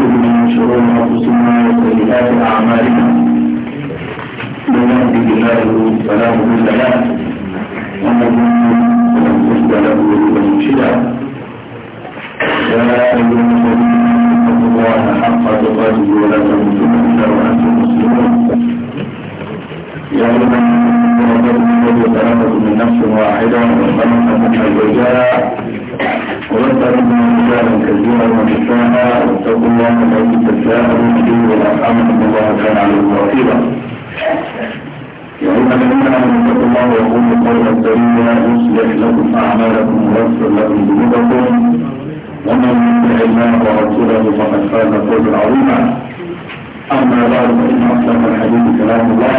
ونعوذ من شرور انفسنا وسيئات اعمالنا من يهده الله فلا مضل له ومن فلا مضل له ومرشدا يا ايها الذين امنوا اتقوا الله حق تقاته ولا تموتن الا وانتم مسلمون يا ايها الذين امنوا اتقوا الله خلقكم من نفس واحده وخلق منها زوجها ورد ربنا نساء كثيرا ونساء واتقوا الله الذي تساءلون به والارحام الله كان عليكم رقيبا يا ايها الذين امنوا اتقوا الله وقولوا قولا سديدا يصلح لكم اعمالكم ويغفر لكم ذنوبكم ومن يطع الله ورسوله فقد فاز فوزا عظيما اما بعد فان اصدق الحديث كلام الله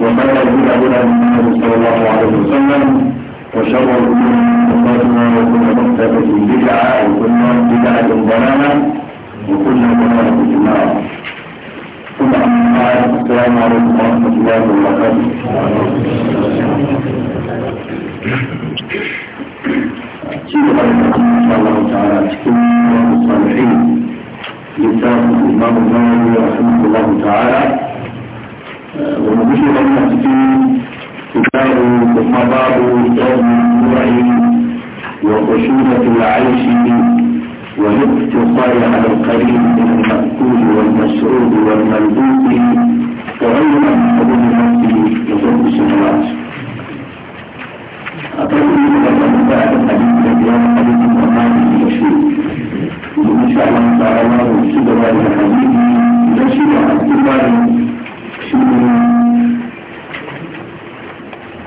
وخير الهدى هدى محمد صلى الله عليه وسلم وشر الأمور محدثاتها وكل محدثة بدعة وكل بدعة ضلالة وكل ضلالة في النار ثم أما بعد السلام عليكم ورحمة الله وبركاته سيدي الله تعالى تكون الصالحين لكتاب الإمام النووي رحمه الله تعالى ونبشر أن تكون كتاب وصباب الدمع وخشونة العيش والاقتصار على القريب من المأكول والمشروب والملبوس وغير مقصود نفسه وصوت السماوات أقول أن بعد الحديث الذي حديث مقامه مشهور وإن شاء الله تعالى وصدر الحديث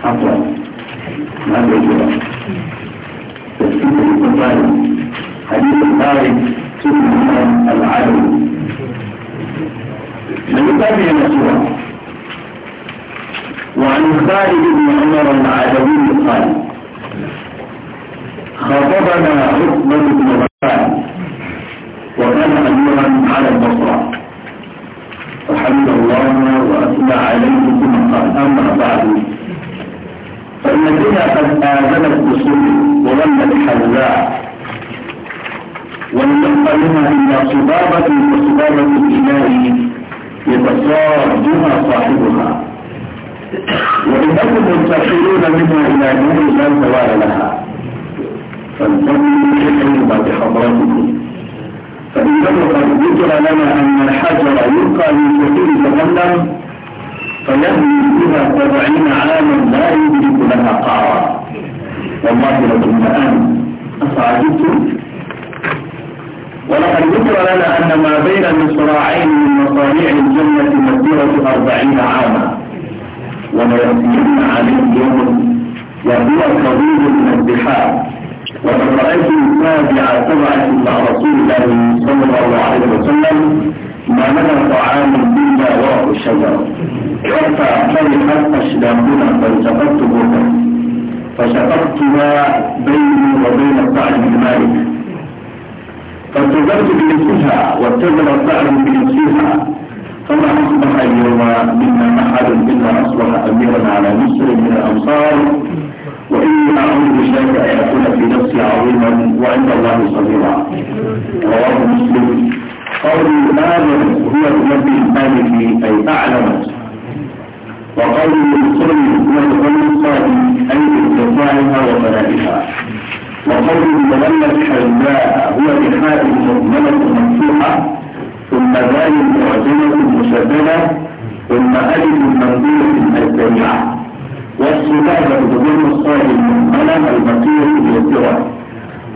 حصل ما بيجرى تفسير البخاري حديث الخارج سنة العدو لم تابع مسوى وعن خالد بن عمر العدوي قال خطبنا عثمان بن عفان وكان اميرا على البصره رحمه الله واثنى عليه اما بعد فإن الدنيا قد آذنت بصلب وظلت حولاء ولم يبقى منها إلا صبابة وصبابة الإله يتصادها صاحبها وإنكم منتقلون منها إلى نور لا زوال لها فانتظروا الحكمة بحضرتكم فإنه قد ذكر لنا أن الحجر يبقى من كثير تظلم فيهوي بها سبعين عاما لا يدرك لها قارا والله لكم الآن أفعجبتم ولقد ذكر لنا أن ما بين المصراعين من مصانع الجنة مسيرة أربعين عاما وما وليأتين عليه يوم وهو كبير من البحار وقد رأيت السابع سبعة مع رسول الله صلى الله عليه وسلم ما لنا طعام إلا وراء الشجر حتى فرحت أشلامنا فالتقطت بها فشققتها بيني وبين الطعن المالك فارتزقت بنفسها وارتزل الطعن بنفسها فما أصبح اليوم منا أحد إلا أصبح أميرا على مصر من الأمصار وإني أعوذ بشيء أن يكون في نفسي عظيما وعند الله صغيرا رواه مسلم قول الإمام هو الذي آمن أي أعلم وقول الكل هو الكل الصادق أي ارتفاعها وفنائها وقول الملل حلاء هو بحاء مضمنة مفتوحة ثم ذال معجمة مشددة ثم ألف مقبولة الجميع والصلاة تضم الصائم المهملة المقيمة بالذرة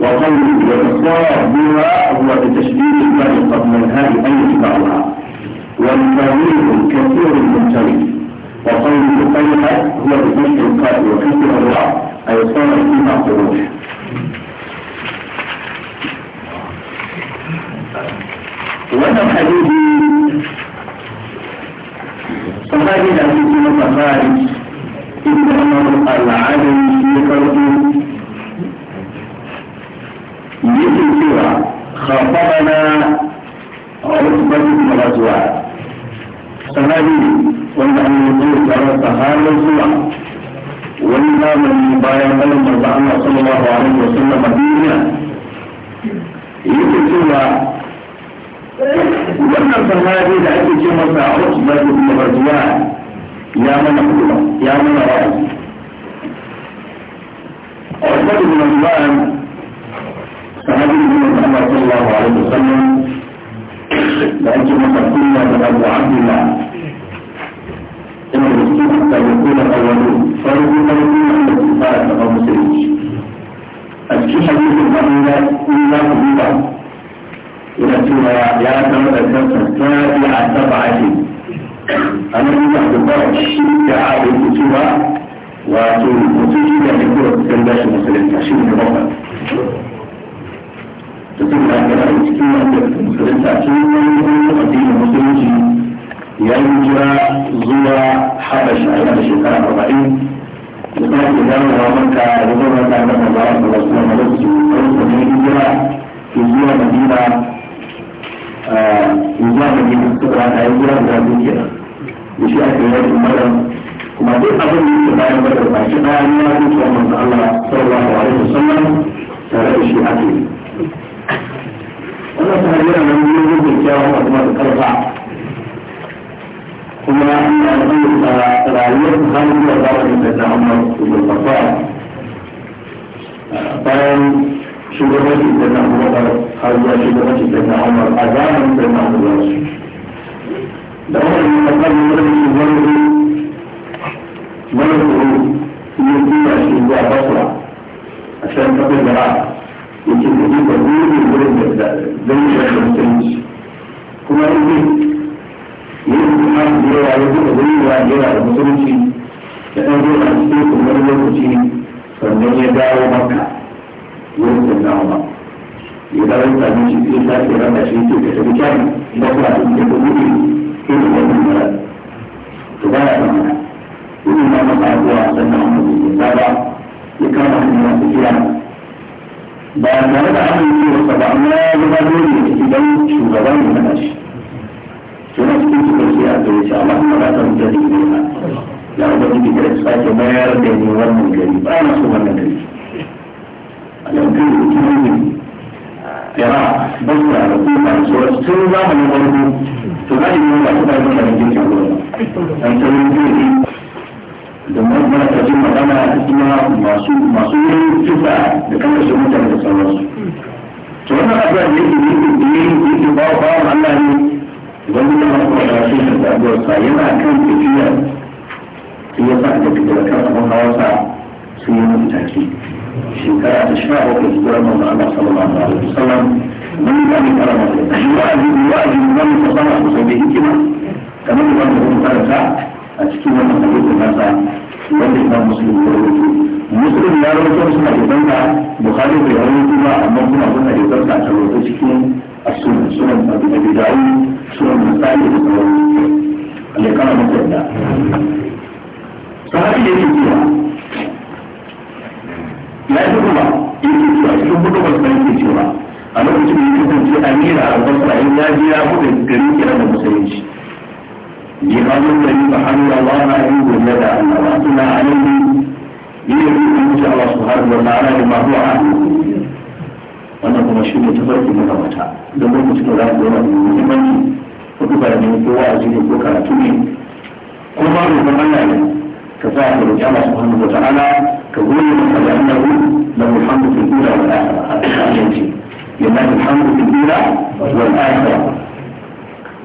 وقوله وإصرار بها هو بتشديد الماء قبل انهاء أي بعضها والتغيير كثير المنتهي وقوله قيلة هو بفتح القلب وكسر الراء أي صار فيها خروج وهذا الحديث صحابي الحديث المتخارج ابن عمر العالمي في قلبه yake cewa khafafana عتبة بن رزوان صحابي wanda an yi tsaye tare da halin zuwa wani zamani bayan ganin manzo Allah sallallahu alaihi wa sallam duniya yake cewa wannan sahabi da ake ce masa Utba ibn Rabi'a ya mana kuma ya mana wa'azi Utba ibn Rabi'a فهذه محمد صلى الله عليه وسلم لأجل كنا بأبو عبد الله إن المسلم حتى يكون الأولون فيكون الأولون عند الكفار أو مسلمين أشكي حديث الأولى إلا قبيلة إلى سورة يا سورة السابعة سبعة أنا أريد أن أقول الشركة عادة سورة وتجد أن يكون السنداش مسلم تشير من cikin kafirai cikin wanda musulunta cikin wani addinin musulunci ya yi jira zuwa habasha yana da shekara arba'in da kuma ke dawowa maka da zama ta ga maza da wasu na lokaci wasu ne hijira ke zuwa madina ke zuwa madina suka rana ya jira guda biyu kenan da shi ake yi umarar kuma duk abin da yake bayan bada baki ɗaya ne ya zuwa manzo Allah sallallahu alaihi wasallam tare da shi ake yi wannan kuma yana nan ne ne da kyawun kuma da karfa kuma an da su a rayuwar halin da za mu da ta amma su da kafa bayan shugabanci da na kuma har zuwa shugabanci da na amma a zamanin da na kuma su da wannan kasar ne da shi wani wani kuma yi kuma shi zuwa basura a cikin kafin da ra'a yake da yi ba dole wurin da zai yi da mutunci kuma in yi yin kuma da yawa ya zuba zuwa da yawa da mutunci da ɗan zuwa a cikin kumar lokaci sannan ya dawo maka wurin da dawo ba ya dawo ya sami shi sai ta ke rana shi ke da tafi kyan da kuma da ke da gudu sai da wani mara to ba ya kama na gudu na maka zuwa sannan wani da ya saba ya kama hanyar su kira ba tare da wasa ba amma ya zama dole idan shugaban ya na shi suna cikin suka ce a gare shi amma kuma ba san gari ne ba ya ba ji da sake mayar da ne wannan gari ba na so wannan gari alam kan yi kuma ne yara basra da kuma so sun zamanin farko to za a yi ba su ba da jirgin ruwa an tsarin jirgin domin mana ta magana da kuma masu masu yin kisa da kan kashe mutane da sauransu to wannan abuwa da yake da yake da yake ba wa bawan Allah ne wani da masu wata shi da sabuwar sa yana kan tafiya sai ya sa da fitar kan abin hawarsa su yi mutu take shekara ta sha bakwai zuwa manzo Allah sallallahu alaihi wasallam mun ga ni karama da shi wa'azi wa'azi mun ga sama sosai da hikima kamar da wannan karanta a cikin wannan hadisi nasa wanda ya rawaito muslim ya rawaito suna da zanka bukhari bai ba amma kuma suna da zanka a rawaito cikin sunan abu da sunan da ya kama masa yadda sahabi cewa ya yi kuma cewa cikin wasu cewa a lokacin da yake kasance amira a ya ya buɗe gari kira da musulunci لقول النبي صلى الله عليه وسلم أن رأسنا عليه ليكون إن شاء الله سبحانه وتعالى لما هو عنه wannan kuma shi ne tafarki na gabata don lokacin da za ku zama mai muhimmanci ko duba da ko wa'azi ne ko karatu ne ko ba mu san Allah ne ka sa ka roƙi Allah subhanahu wa ka goyi masa da annabi la muhammadu fil ula wal akhirah a cikin yanci yana muhammadu fil ula wal akhirah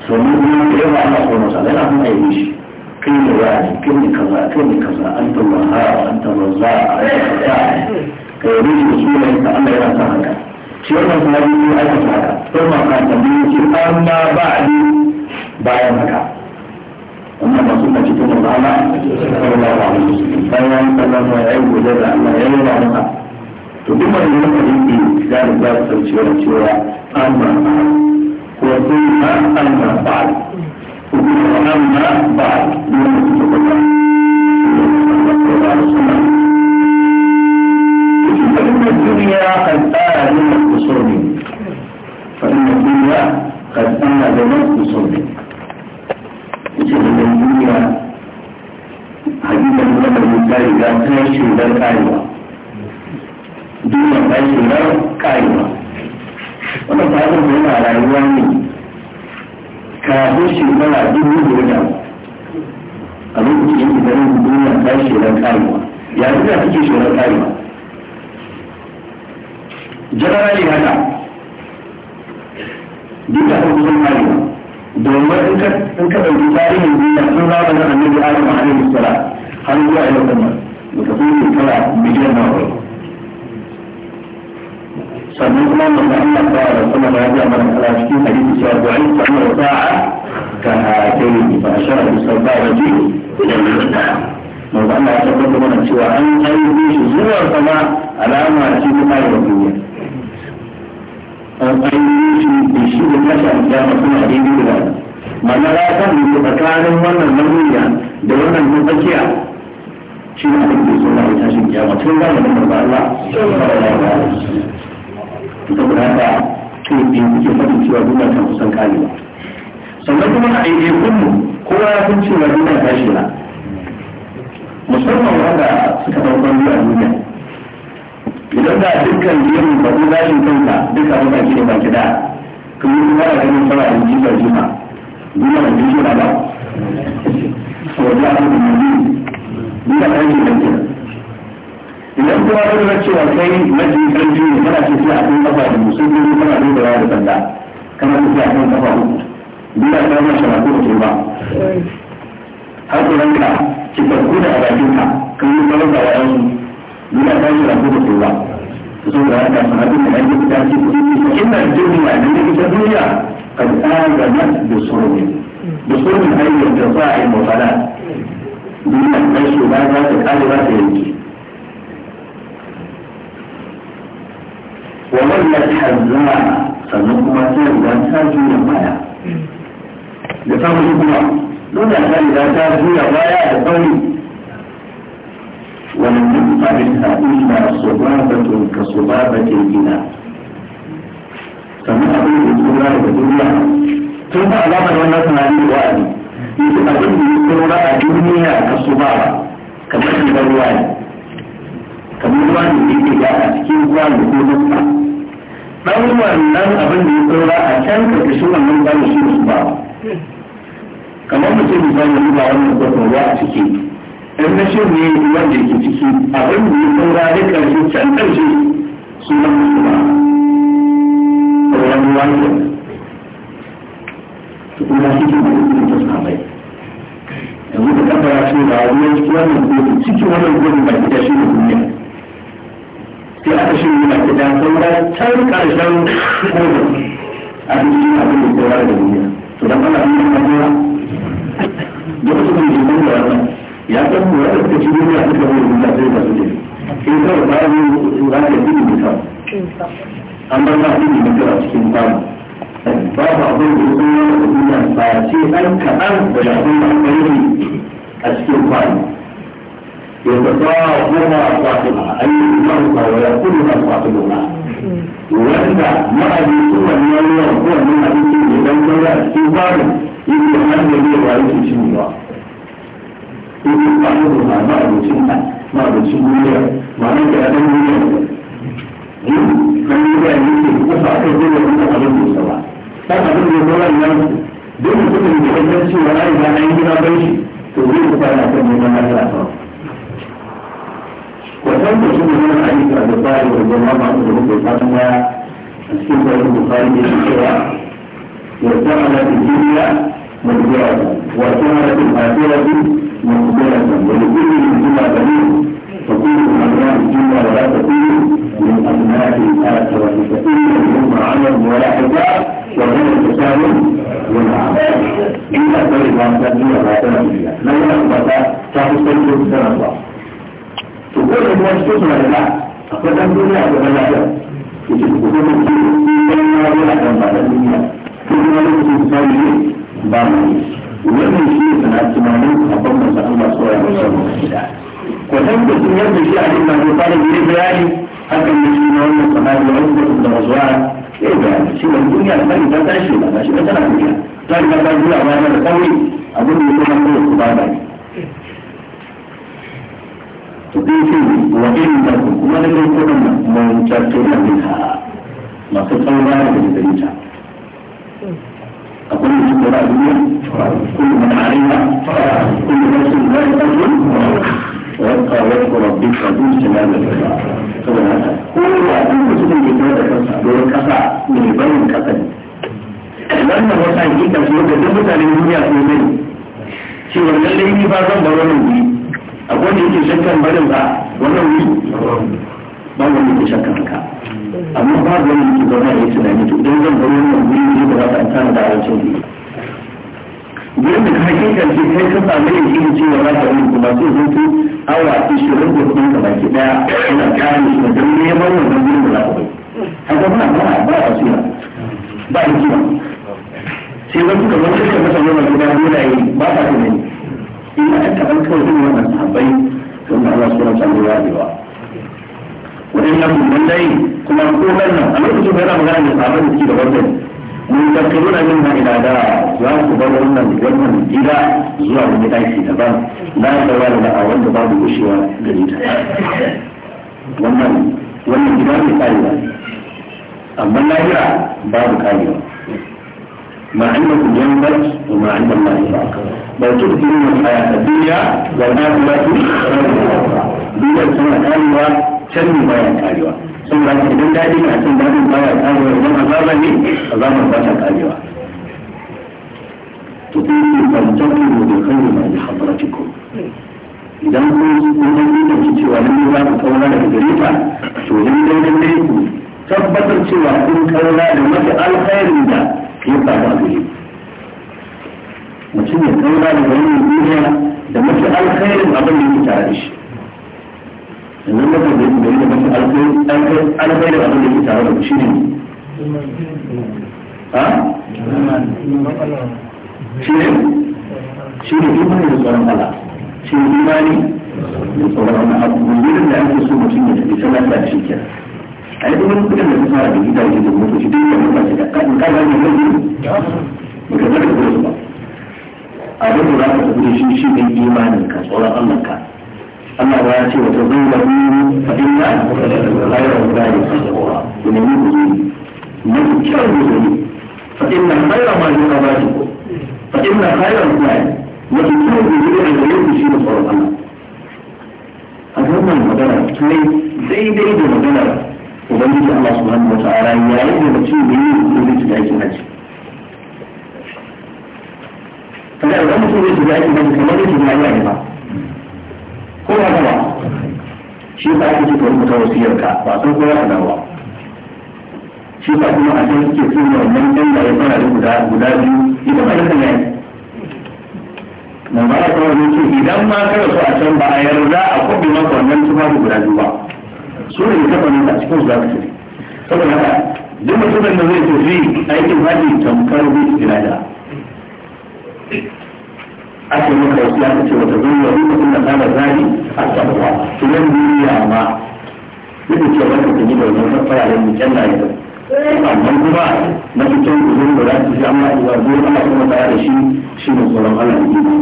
to mun yi yawa ana kuma masa yana kuma yi shi kai ne wani kai ne kaza kai ne kaza an ta wahara an ta wazza a yi kaza ka yi rikin sunan ta Allah yana sa haka shi wannan sahabi ne aka sa haka sai ma ka tambaye shi amma ba a yi bayan haka ba suna cikin mazala bayan ya yi godiya da Allah ya yi masa to duk wanda ya fahimci da ba su cewa cewa amma وثم أما بعد أما بعد فإن الدنيا قد آل من قصوره فإن الدنيا قد آل من قصوره إن الدنيا حقيقة من المثال إذا كان شيء لا كايوة دنيا كان شيء لا كايوة wannan fatan da yana rayuwa ne kafin shekara dubu da a lokacin yake garin duniya ta shirar karewa ya zuwa suke shirar karewa generally haka duk kusan karewa domin in ka ɗauki tarihin duniya sun zama na annabi adam a hannun sara har zuwa yau da da ka shekara miliyan sannan kuma manzo Allah ta da kuma da ya mana kala cikin hadisi cewa du'ai ta amr sa'a ka hatayi fa ashara bi sabba rajul idan ka manzo Allah ya tabbata mana cewa an aiki shi zuwa sama alama ce ta kai duniya an aiki shi da shi da kashin ya kuma daidai da mana ya san da tsakanin wannan nauyi da wannan mutsakiya shi ne ake so na tashin kiyama tun zamanin manzo Allah sallallahu alaihi wasallam da haka to in kuke fadin cewa duk kan kusan kare ba. sannan kuma a aike kullu kowa ya san cewa duk ta shi na musamman wanda suka dauka ruwa duniya idan da dukkan jerin babu gashin kanka duka wanda ke ba ki da kuma kuma da ganin fara in jifa jifa duniya da jifa ba saboda abin yi. ne duniya ta yi da kenan idan kuma ka lura cewa kai maji karfi ne kana tafiya a kan kafa da musulmi ne kana dogara da sanda kana tafiya a kan kafa uku bila ta zama shafafu da turba har ku ranka ki farko da abakinka kan yi tsaron da wa'ansu bila ta zama shafafu da turba saboda haka sahabin da ake ta ce Ina inda duniya da ita duniya ka tsara na da tsoron da tsoron ayyukan da za a yi mafana duniya ta shi ba za ta kare ba ta yanki. وولت حزاء sannan kuma sai riga ta juya baya da sauri kuma nuna ta riga ta juya baya da sauri ولم يبق منها إلا صبابة كصبابة الإناء sannan abin da su rana da duniya tun da alamar wannan tunani da wa'adi yake abin da ya tsoro a duniya ka su ba kamar shi da ruwa ne kamar ruwa da ke da a cikin ruwa da ko nufka ɗan abin da ya a can ba shi su ba kamar mutum ruwa wannan a ciki in na ne ruwan da ke ciki abin da ya saura da ƙarshen can ƙarshe sunan musu ba ruwan ne kuma shi ke da ruwan da sabai yanzu da kafa ya ce ba wani cikin kuma cikin wannan gudu ba ita shi ne duniya shi yana gida saura can ƙarshen kodin a cikin abin da saura da duniya to dan Allah ne ka saura lokacin da ke da wannan ya san mu da suka ci duniya suka zo da sai da su ne sai kawai bayan ran da dini bisa an bar ma dini bisa a cikin babu babu abin da sun yi da duniya ba sai an kaɗan da abin ba aka yi a cikin ba يتطاوما صاحبها أي الموتى ويقتلها صاحبها وأنت ما أبيت أن يوم هو من أبيت لأن لا استيضاح إذ يحمد لي رئيس شميرا إذ صاحبها ما أبيتها ما أبيتها ما أنت أبيتها kan yi da yake kusa aka zo da kuma abin da sawa kan abin da sawa nan duk mutumin da kan cewa ai da nan gina bai shi to zai kusa na kan neman Allah وكانت يجب من حديث أبي طالب رضي الله عنه في فاطمة السيد البخاري بالشرع وارتحل في الدنيا مجزرة وارتحل الآخرة مجزرة ولكل منهما بنين تكون من أبناء الجنة ولا تكون من أبناء الآخرة تكون منهم عمل ولا حجاب وغير تساوي والعمل إلا طريقة تبنيها لا تنبيها لا ينبغي تحصل في السنة Tukar yang buat itu sudah tidak. Apa yang dunia itu banyak ya. Itu kukuh mungkin. Yang mengalami akan pada dunia. Kukuh mungkin itu saya ini. Bama ini. Kukuh mungkin itu sangat semangat. Apa masalah masalah yang bisa mengalami. Kukuh mungkin itu sudah tidak. Kukuh mungkin itu sudah tidak. Akan mungkin itu sudah tidak. Kukuh mungkin itu sudah tidak. Ya, ya. Sila dunia itu tadi. Tidak ada sila. Tidak ada sila. Tidak ada sila. Tidak ada sila. Tidak ada sila. Tidak ada sila. Tidak ada sila. Tidak ada sila. تضيفي وإن تكن kuma da منتكرا منها ما تطور da ya da kansa domin kasa mai barin kasa ne wannan wata hakika ce da duk duniya sun sani cewa lallai ni ba zan bar wannan wanda yake shakkan barin ba wannan wuri ba wanda yake shakkan haka amma ba wanda yake zauna ya tunani to idan zan bar wannan wuri ne ba za ta tsara da wancan ne gurin da kan ce kai ka samu ne shi cewa wa ka yi kuma sai zo awa shiru da kudin ka baki daya ina kare shi da don neman wannan gurin da za ka bai haka ba ba ba a ba a ba sai wasu kamar suka masa yawan gida dole ba ta tunani shi ya ta ban kawai irin wannan sahabbai sun da Allah sura ta ruwa da wa wadannan mun dai kuma ko nan a lokacin da yana magana da sahabbai da suke da wannan mun da na yin ma'ida da za su bar wannan wannan gida zuwa wani daki daban na dawa da da'awar da babu gushewa gari ta wannan wannan gida mai karewa amma lahira babu karewa ما عندكم ينبت وما عند الله ينبت لو تؤثرون الحياة الدنيا والآخرة دنيا سنة كالوة شن بايا كالوة sun ba su idan daɗi na cin daɗin baya karewa idan azaba ne azabar ba ta karewa to kun yi kwantarki mu da kai ma idan kun yi da ki cewa nan za ku kauna daga gare ta to ku tabbatar cewa kun kauna da mafi alkhairin da ya samu a gare mutum ya ba da wani duniya da mafi alkhairin abin da yake tare da shi sannan mafi da yake da mafi alkhairin abin da yake tare da shi ne ha? shi ne shi ne imani da tsoron ne shi ne imani da tsoron Allah abu da ake so mutum ya tafi da shi kenan a duk wani da ka fara da gida da motoci duk da mutum shi da kan kan ne kan ne ka da ba abin da za ka tafi shi shi ne imanin ka tsoron Allah ka Allah ya ce wata zuwa ni fa inna khayra zalika taqwa to ne ku yi mun kyau ne fa inna khayra ma yuqabatu fa inna khayra zalika wata kyau da ne shi tsoron Allah a wannan magana kai daidai da magana Idan ubangiji Allah subhanahu wa ya yi da mutum da yi ko zai shiga aikin haji kada idan mutum zai shiga aikin haji kamar yake na yi ba ko ya ba shi ba ake cikin rubuta wasiyar ka ba san kowa ya ba shi ba kuma a can suke tsoron wannan ɗan da ya fara guda guda biyu ita ba yakan yi. mun ba ta wani ce idan ma kada su a can ba a yarda a kuɗi maka wannan tufafi guda biyu ba su ne ta bane a cikin zuwa kasu saboda haka duk mutumin da zai tafi aikin haji tamkar bi irada ake maka wasu ya ce wata zai yi mutum da tsara zari a tsakuwa tunan duniya ma duk da cewa ka tafi da wani kafara da mutum na yau amma kuma na fitan gudun da za su ji amma ba zuwa ana kuma tsaya da shi shi ne tsoron ne da gina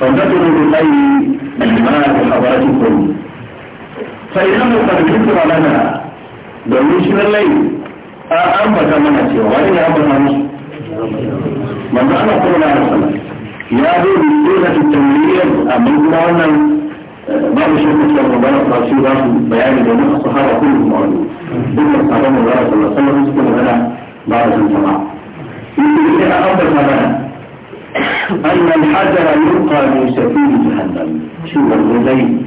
فانتظروا بالله ما خبرتكم فإنه قد ذكر لنا بالنسبة الليل أربع كمان أشياء وأين أربع نص؟ من قال القرآن أصلا؟ يا أبو بالدولة التمرير أم القرآن ما بشر مثل ربنا فاسيرا بيان جميع الصحابة كلهم معلوم بكر صلى الله عليه وسلم يسكن لنا بعد الجماعة يقول لنا أربع كمان أن الحجر يبقى من سفيه جهنم شو الغزين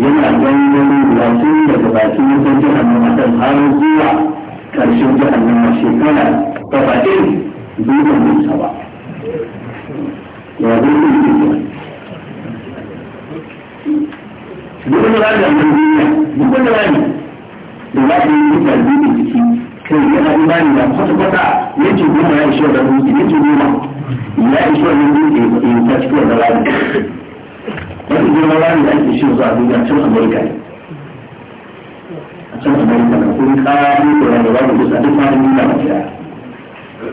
yana gangan bakin daga bakin wutar jihannama kan har zuwa karshen jihannama shekara gabaɗin duban musa ba ya zai yi duk da rani a duniya duk da rani da za yi duka duka jiki kai yana imani da kwata-kwata ya ce goma ya ishe da dutse ya ce goma ya ishe da dutse ya ci da rani yanzu girma da ake shirin zuwa duniya can amurka ne a can amurka na kun ƙaru da rana babu kusa duk fadin duniya ba kira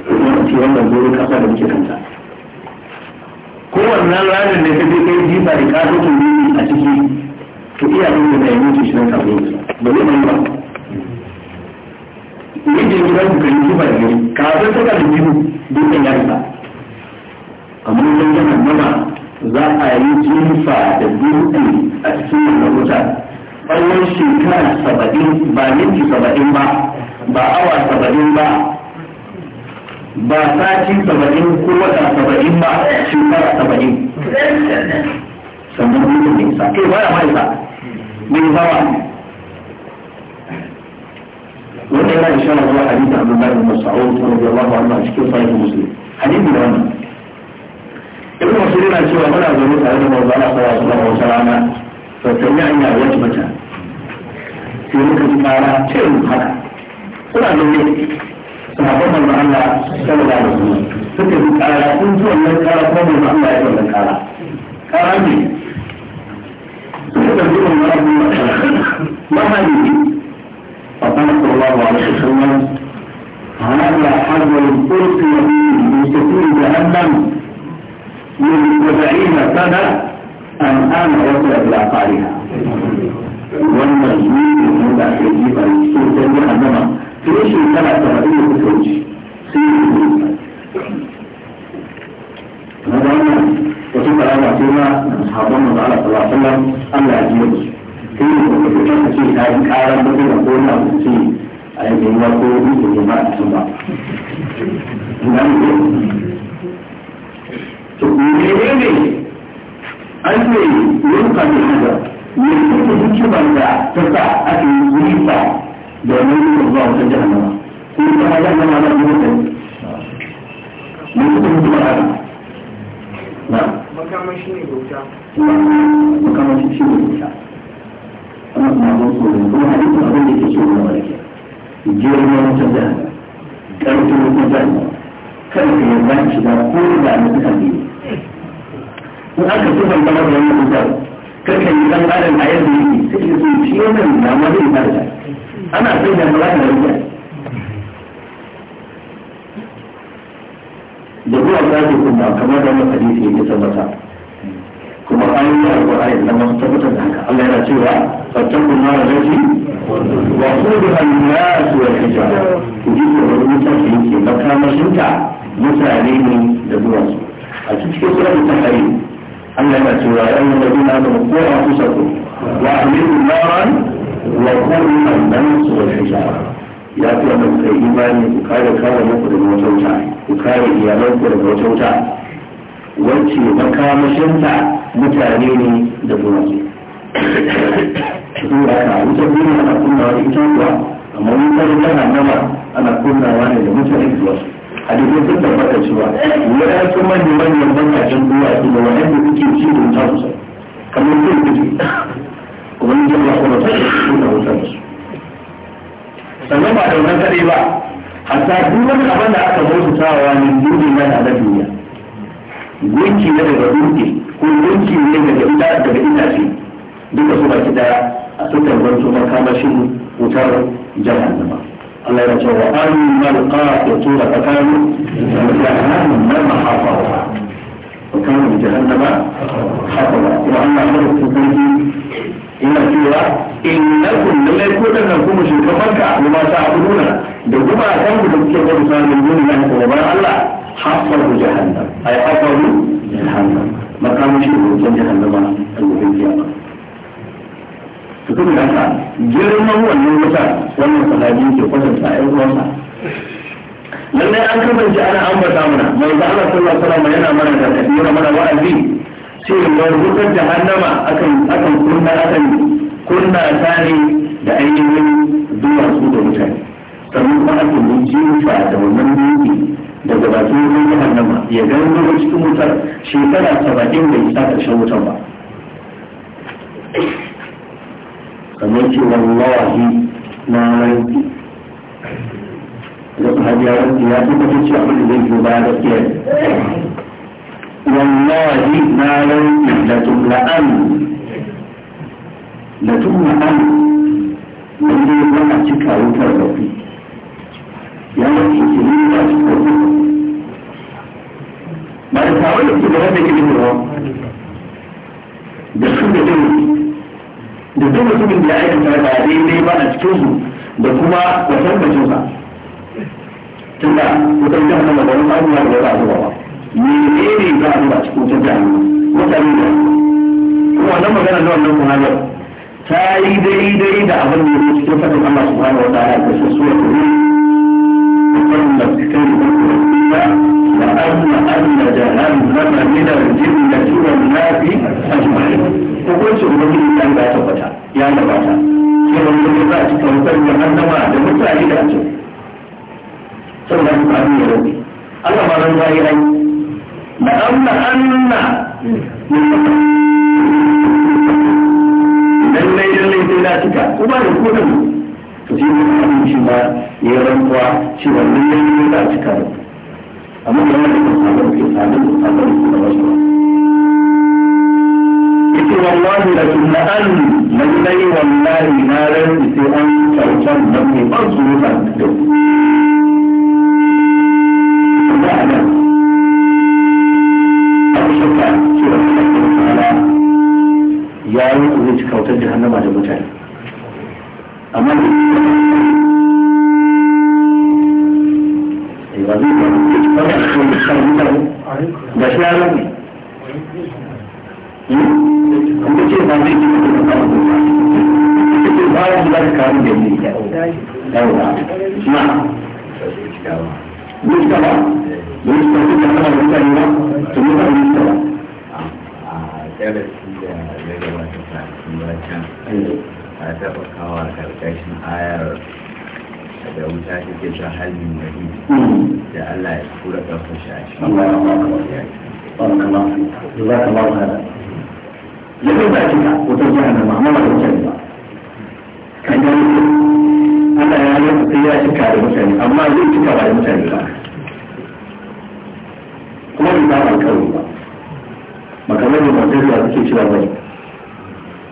kuma ce wannan zuwa kasa da muke kanta kowannan ranar da ka je kai jifa da ƙasotun duniya a ciki to iya yin da ya mutu shi na kafin ba zai mai ba yadda ku kai zuba da gari kafin saka da jiru dukkan ya isa amma wajen yana nuna za a yi jinfa da dutse a cikin wannan wuta tsawon shekara saba'in ba minti saba'in ba ba awa saba'in ba ba sati saba'in ko wata saba'in ba shekara saba'in sannan mutum ne isa kai eh, baya ma isa mai zawa wanda yana ishara zuwa hadisi abdullahi bin mas'ud radiyallahu anhu a cikin sahih muslim hadisi da wannan in ba su nuna cewa muna zaune tare da manzo Allah sallallahu alaihi wasallam rana to ta yi hanya mata sai muka ji fara ce mu haka suna zaune sahabban manzo Allah sallallahu alaihi wasallam suka ji kara kun ji wannan kara ko manzo Allah ya wannan kara kara ne suka ji manzo Allah mahali فقال صلى الله عليه وسلم هذا حذر القرص الإسلام ويصل إلى قارئها daga mutanen zuwa a dukkan sun tabbata cewa waɗansu manyan manyan duwatsu da waɗanda kuke ci da wuta sosai kamar sun kuke kuma jin ba kuma ta su da wuta musu sannan ba da wannan kaɗai ba hatta duk wani abin da aka musu tawa ne duniya na da duniya gunki ne daga dutse ko gunki ne daga ita daga itace duka su baki daya a sukan zanto makamashin wutar jahannama Allah ya ce wa annal qa'itu la fakanu jahannam man hafawa wa kana jahannama hafawa wa anna khalaqa kulli ina cewa innakum lallai ko dan nan kuma ka kuma ta abuduna da kuma kan ku da kuke gudu sanin duniya ko bayan Allah hafawa jahannam ay hafawa jahannam makamin shi ko jahannama al-mu'min saboda haka girman wannan wuta wannan sahabi ke kwatanta ƴan uwansa lallai an kasance ana ambata mana mai manzo Allah sallallahu alaihi wasallam yana mana da yana mana wa'azi cewar wutar jahannama akan akan kunna akan kunna ta ne da ainihin duwatsu da mutane sannan kuma ake yi jifa da wannan dutse daga bakin wutar jahannama ya gangaro cikin wutar shekara saba'in bai isa shan wutar ba kamar ce wallahi na ranki da hajiya ranki ya fi kuma ce abin zai fi da gaskiya wallahi na ranki da tumla'an da tumla'an wanda ya zama cika wutar fi. ya mace ke yi ba su kofi ba da tawaye su da wanda ke da su da da duk mutumin da ya aikata ba daidai ba a cikin su da kuma sa tunda jihar na wani ma'aikata da za a zuba ba ne za a zuba cikin mutane da kuma wannan magana na wannan ta yi daidai da abin da ya cikin fadin Allah subhanahu wa ta'ala da da da hukuncin mutum kan ya tabbata ya gabata sai wani mutum za a cika wutar da annaba da mutane da ake saboda abin ya rauni Allah ma ran zai rai da amma anna lallai lallai sai na cika kuma da kudin to sai wani abin shi ma ya rantsuwa cewa lallai lallai za a amma da da sabon ke sabon sabon da wasu yake wallahi da kin na an lallai wallahi na rantsi sai an kyautar da mai ban surutan yau ya yi ku zai kautar jihannama da mutane amma da ba zai ba da shi ya kuma ce ba zai ji mutum ba ko ba ce ba ya ji ba ka kawo da ni da yawa na mista ba mista ba ka kana mutane ba to mu ba mista ba darasi da ya gabata ta kuma can ta taɓa kawo karkashin ayar da wuta take ta halin gari da Allah ya kura ƙarfashi a cikin ya ce. Allah ya kama, Allah ya kama ya kai ba kika wutar jihar da amma da mutane ba kan gani Allah ya yi sai ya cika da mutane amma zai cika ba da mutane ba kuma bai ba ba makamai da masu zuwa suke cewa bai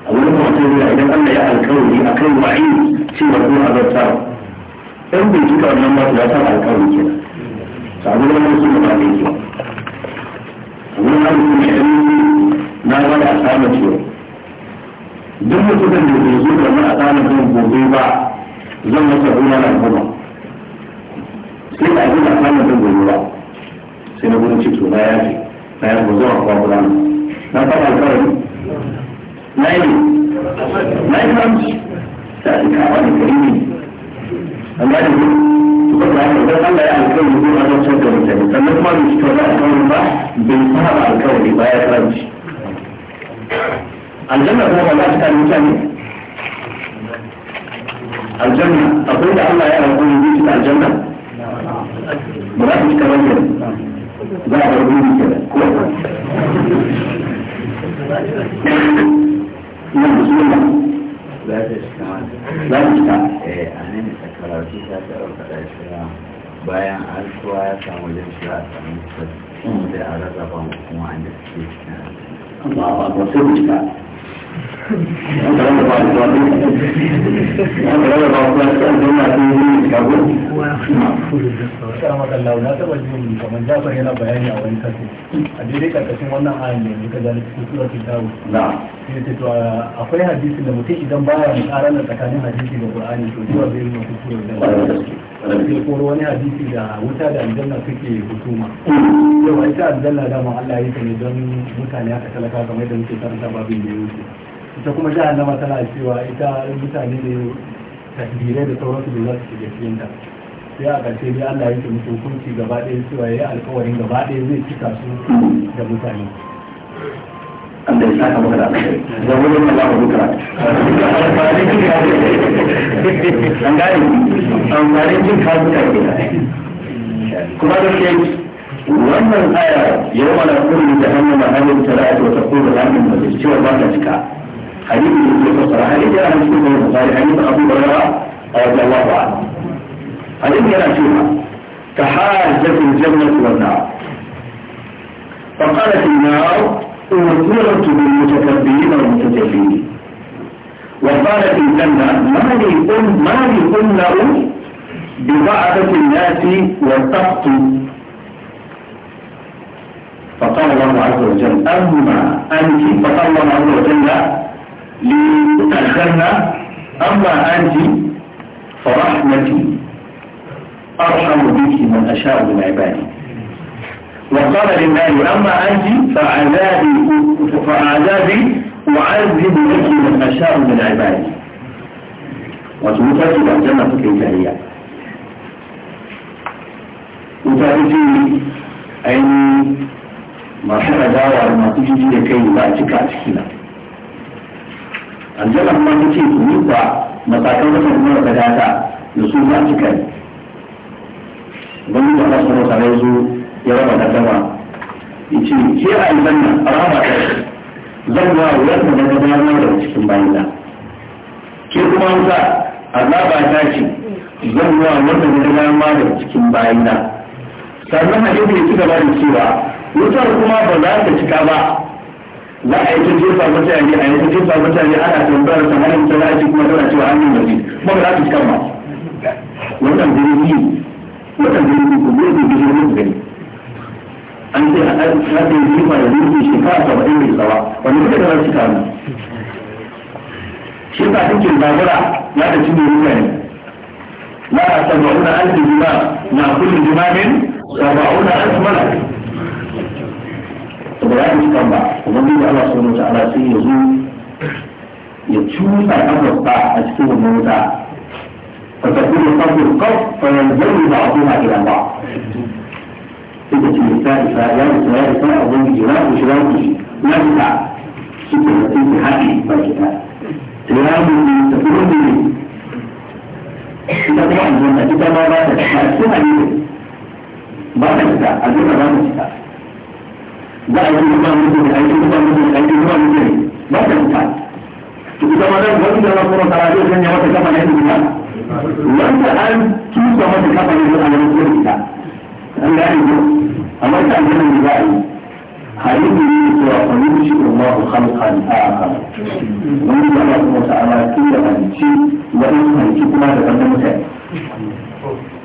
a wani masu zuwa idan Allah ya alƙawari a kan wa'i cewa zuwa zartawa ɗan bai cika wannan ba su ya san alƙawari kenan sabon wani su ba tsanin ciwo duk mutumin da bai zo da mana tsanin ciwo gobe ba zan masa gona na goma sai da abin da tsanin ciwo gobe ba sai na gudun cikin na yaji na yaji gozo a kwa na faɗa alfahari na yi na yi ta da amma da ba Allah ya alkawari ko a mutane sannan kuma ba bai fara alkawari ba ya karamci الجنة هو ما أشكال مكاني الجنة أقول الله يعلم أن يجيش الجنة لا مراحش كمان لا أقول لك كمان لا نعم، بسم الله لا تشكى لا تشكى ايه انا نسكر لو تشكى تقول فتاة شراء بايا عالسوايا سامو جمشراء سامو جمشراء سامو جمشراء سامو جمشراء الله أكبر سيبو kamar jafar yana bayani a wani kasu a wannan ayan da yanzu ka zane cikin surat dawo ce akwai hadisi da mutum idan baya mukarana tsakanin hadisi da qur'ani to zuwa zai yi kusur da sai koro wani hadisi da wuta da aljanna suke husuma yau ita aljanna dama Allah ya ne don mutane aka talaka kamar da muke karanta babin da ya wuce ita kuma jahannama tana cewa ita mutane ne takbirai da sauransu da za su shiga cikin ta sai a ƙarshe dai Allah yake musu hukunci gaba ɗaya cewa yayi alƙawarin gaba ɗaya zai cika su da mutane da ya saka maka da da wani mun Allah muka an gane amfanin jin ka ta ke kuma da hannun wannan aya cewa ba ta cika حديث مسلم صراحة جاء حديث مسلم البخاري حديث أبو هريرة رضي الله عنه حديث أنا شوفها تحاجت الجنة والنار فقالت النار أمرت بالمتكبرين والمتكبرين وقالت الجنة ما لي أم ما لي أمنأ بضعفة الناس والتقط فقال الله عز وجل أما أنت فقال الله عز وجل للجنة أما أنت فرحمتي أرحم بك من أشاء من عبادي وقال للمال أما أنت فعذابي فعذابي أعذب بك من أشاء من عبادي وتمتلك الجنة الإنسانية وتعرفي أي مرحلة دارة ما تجي كي لا تكينا aljanna kuma ta ce su yi matakan da kuma da gata da su za su kai wani da Allah subhanahu wa zo ya raba da dama yace ke a araba ta zan ba wuyar da ta dama da cikin bayina ke kuma wuta azaba ta ce zan ba wata da dama da cikin bayina sannan hadisi ya ci gaba da cewa wutar kuma ba za ta cika ba za a yi ta jefa mutane a yi ta jefa mutane ana tambayar ta hanyar ta za kuma tana cewa an yi mazi kuma ba za su kan ba wannan gari ne wannan ko ne ku gurbi gari ne an ce a ɗan shafe jefa da gurbi shekara saba'in mai tsawa wani kuka da rasu kanu shi ba take babura ya ta cinye mutane la saba'una alfi jima na kullum jimamin saba'una alfi malaka to ba za ku cikan ba ubangiji Allah subhanahu wa ta'ala sai ya zo ya cusa azurfa a cikin wannan wuta فتكون قبل القف فينزل بعضها الى بعض suka ce ya isa ya isa ya isa a wani jira ku shi ku shi ya isa suka yi sun ki haɗe ba ki ta tiramu ne ta furo ne ita kuma aljanna ita ma ba ta ta suna ne ba ta fita aljanna ba ta fita za a yi ba mutum da aiki ba mutum da aiki ba mutum ba ta fita to ita ma zan wani da kuma tara zai sanya mata kafa na yadda fita wanda an tusa mata kafa ne zai alamu kuma fita an gane a amma ta an gane za a yi halin da ne a kwanin shi umma ku halkan a aka wani da ba kuma ta'ala tun da hanci wani hanci kuma da wannan mutane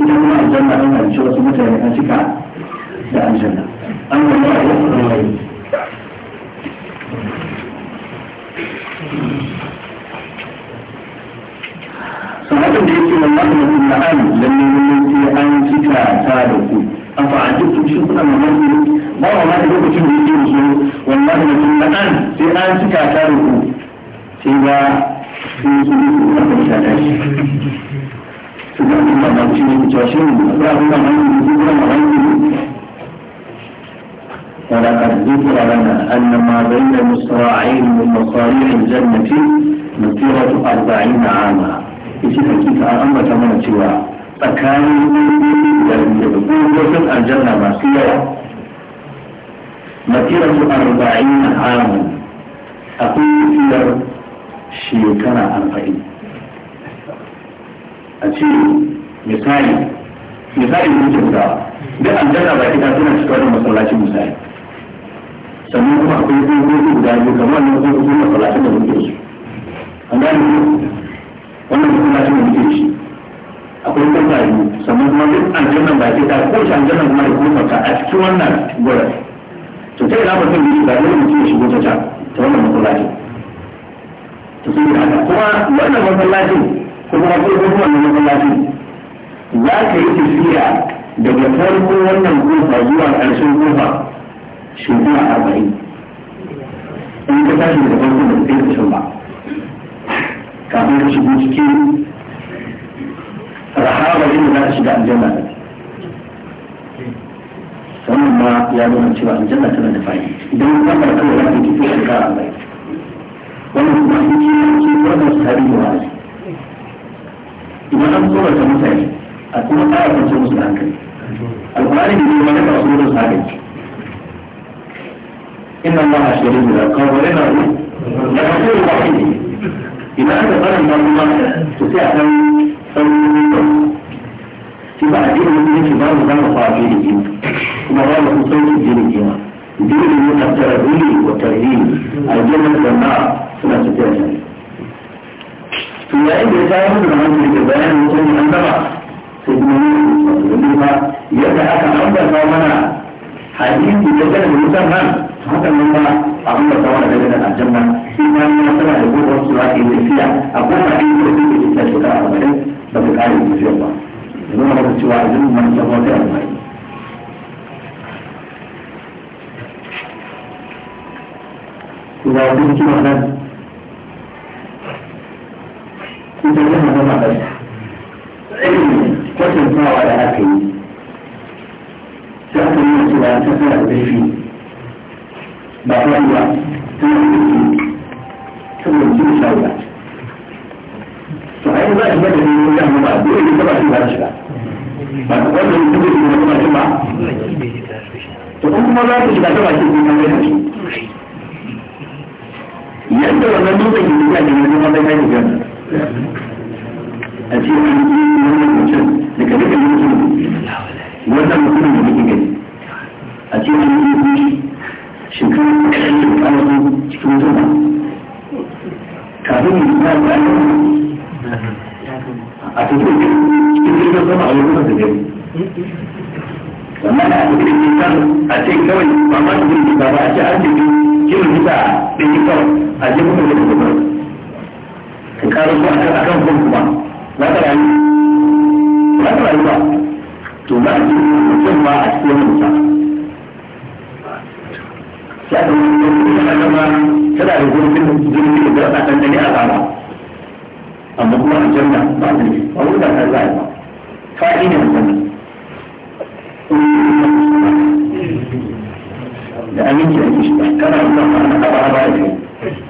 ina kuma aljanna an halice wasu mutane an cika da aljanna an wani a yau sahabin da yake wallahi na kuma an lalle lalle sai an cika ta da ku an fa'ajin su shi kuna mamaki ba wa ma da lokacin da yake musu wallahi na kuma an sai an cika ta da ku sai ba sun su ne kuma ta tashi ولقد ذكر لنا أن ما بين المصراعين من مصاريع الجنة مسيرة أربعين عاما. إذا كيف أمة من سوى فكانوا يقولون الجنة مسيرة مسيرة أربعين عاما. أقول في شيكنا أربعين. a ce misali misali mun kyauta duk aljanna ba kita suna cikin wannan masallacin misali sannan kuma akwai tsohon guda biyu kamar wannan tsohon masallacin da muke su an gane wannan masallacin da muke shi akwai kwanta biyu sannan kuma duk aljanna ba kita ko shi aljanna kuma da kuma kwanta a cikin wannan gwada. to ta ina mutum yake ba dole mutum ya shigo ta can ta wannan masallacin to sai da haka kuma wannan masallacin kuma akwai kuma wannan masallaci za ka yi tafiya daga farko wannan kofa zuwa ƙarshen kofa shekara arba'in in ka tashi daga farko da kai kusan ba kafin ka shigo cikin rahama inda za ka shiga aljanna ta wannan ma ya nuna cewa aljanna tana da fa'i idan ka fara kawai za ka yi tafiya shekara arba'in wannan kuma shi ne wannan tarihi da wa'azi idan an tsorata mutane a kuma ƙara kwanci musu da hankali alƙur'ani da kuma na kasu da sadaki inna Allah a shirin da kawai na ku da kasu da wani idan aka tsarin ba kuma to sai a san sauran da shi ba a jini wani yake ba mu za mu fara jini jini kuma ba mu sauki jini jini jini ne tattara dole wa tarhini aljanna da na suna tafiya jini to yayin da ya kawo musu da wani da bayanin sun yi an gama sai kuma ne da ma yadda aka ambata mana hadisi da kan mutan nan haka nan ma abin da kawo daga da aljanna shi ma ne na sana da gobar su ake tafiya a goma ɗin da suke tafiya shekara arba'in ba su kare tafiya ba zama da cewa a jirgin man ta wata arba'in kuma wajen kiwon nan sai dai yana zama ba kwatantawa da aka yi sai aka yi cewa ta tsara da zafi ba kawai ba tana da zafi saboda jin shawara to a yi za shi mata ne ya zama ba dole ne ta ba shi ba shi ba ba ta wanda ya kuma shi kuma shi ba to kuma za ta shiga ta baki kuma mai da shi yadda wannan dutsen ke tafiya ne ya zama bai kai da a cikin wannan mutum da kada ka da gani a cikin wannan mutum shekaru kaɗan da ƙarfi cikin zuba kafin mu a cikin cikin a da gani wannan a cikin zuba a ce kawai ba ma cikin zuba ba a ce an cikin jirin zuba ɗin kawai a cikin da zuba ka rubuta a kan kun kuma za ka rayu za ka rayu ba to za a cikin mutum ma a cikin wani mutum ya ta wani mutum tana zama tana da gurbin jirgin da za a ɗan ɗani a zama amma kuma a janna ba a ba wani da ta za yi ba fa'i ne musamman da aminci da ke kana zuwa a ba a ba a jirgi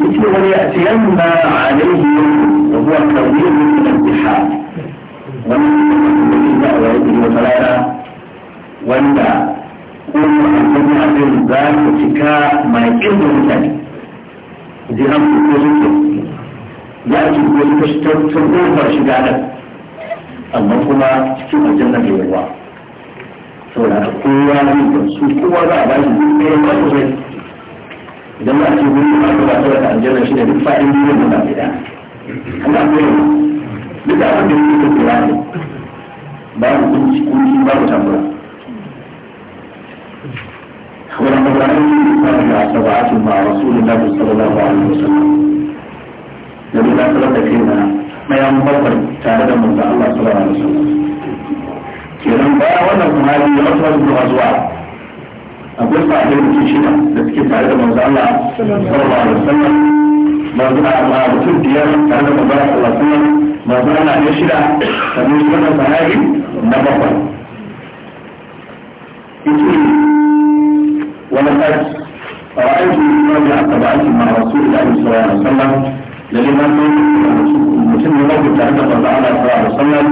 مثل ان ياتينا عليهم وهو التوضيح من الامتحان ومن ويده وثلاثة وندى قوم الجمعة بالبال وتكاء ما يكبر من ذلك جهام الوزنك يأتي الوزنك تنقل فرشد على المنطمة تكيب الجنة بالله سولا القوة من جنسو القوة بعد ذلك idan ba a ce wuri ba ba ta da aljanna shi ne duk fa'in duniya ba ba gida an ba ko yau duk abin da yake da kura ne ba mu kun ci kun ci ba mu tambura wannan ba ran yi ba da sabatu ma rasulullahi sallallahu alaihi wasallam da duk sallar da kai na mai an babbar tare da manzo Allah sallallahu alaihi wasallam kiran ba wannan kuma yi wasu wasu zuwa akwai sa'adar mutum shida da suke tare da manzo Allah sallallahu alaihi wasallam manzo Allah mutum biyar tare da manzo Allah sallallahu alaihi wasallam manzo Allah ne shida sannan shi wannan sahabi na bakwai yace wala kad ra'aytu man ya'tabatu ma rasulullahi sallallahu alaihi wasallam lalle man mutum ne bakwai tare da manzo Allah sallallahu alaihi wasallam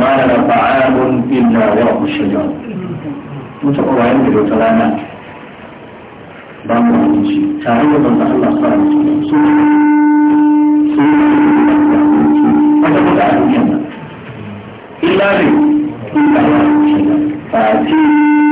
ma la ta'amun illa wa shajar mutu a wayan da wata rana ba mu wani tare da banza Allah fara su su wanda ba da a ba illa ne illa ya ce ba ce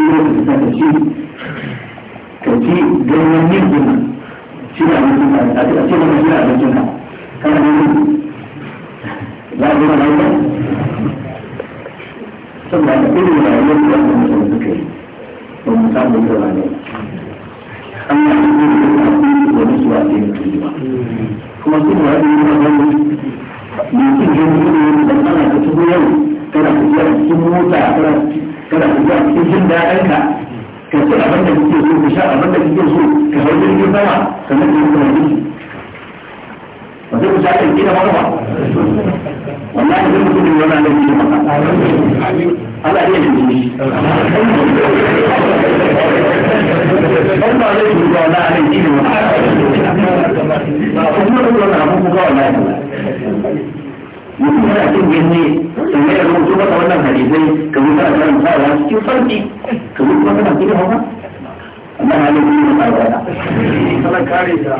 kita ka ta ka ci ka ci ganyen yin kuma shi ne abincin ka a ce mana shi ne abincin ka kana ganin za a zama lafiya saboda ka irin rayuwar da wanda mutane suka yi ba mu samu da rayuwa Allah ya yi da abu wani suwa da ya tuni ba kuma su ba da yi ba wani kana kuma cikin jin daɗin ka ka ci abin da kake so ka sha abin da kake so ka hau jirgin sama ka yi kuma jiki ba zai kusa ka yi da mara ba wallahi zai mutum ne wani da maka Allah ya yi shi ban ba zai ba wani da maka kuma da mutum yana cin ganye sun yi rubutu masa wannan hadisai ka zuwa da ran sawa cikin farki ka zuwa kuma kana cikin hawa amma halin kuma ba ba kana kare ta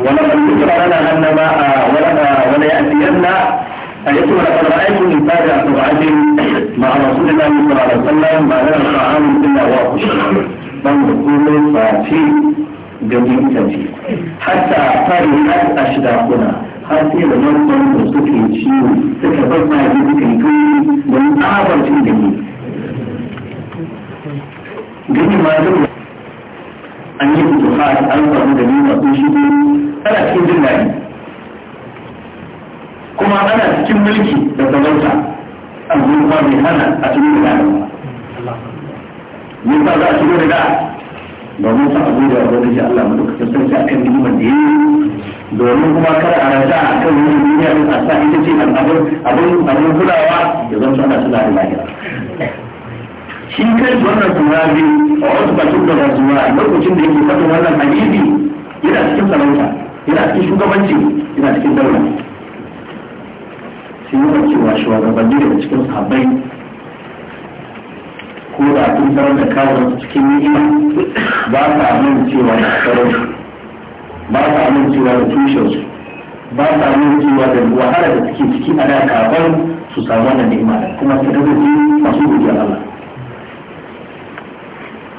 ولقد ذكر لنا ان ما ولياتين أن يكون لقد رأيت من تاجع سرعة مع رسول الله صلى الله عليه وسلم ما لنا طعام إلا واقع من رسول فاتي ganin itace hatta fari har a shiga kuna har sai da nan da suke ciwo suka bar ma yi suka yi tuni don da gani gani ma zai an yi fito ha an samu gani masu shigo ana cikin jin daɗi kuma ana cikin mulki da sarauta a zuwa mai hana a cikin da ba. Yin ba za a shigo da domin ta abu da wani shi Allah mu duka sarki kan ni'imar da yi domin kuma kada a rasa kan wani duniya din a sa ita ce nan abin abu abu kulawa ya zama ana tuna da lahira shi kai wannan sahabi a wasu bakin da wasu ma lokacin da yake fatan wannan hadisi yana cikin sarauta yana cikin shugabanci yana cikin daula sai ne cewa shugabanni daga cikin sahabbai ko da sun tarar da kawo cikin ni'ima ba sa nan cewa da tsaron ba sa nan cewa da tushen su ba sa nan cewa da wahala da suke ciki a da kafin su samu wannan ni'ima kuma su kasance masu godiya Allah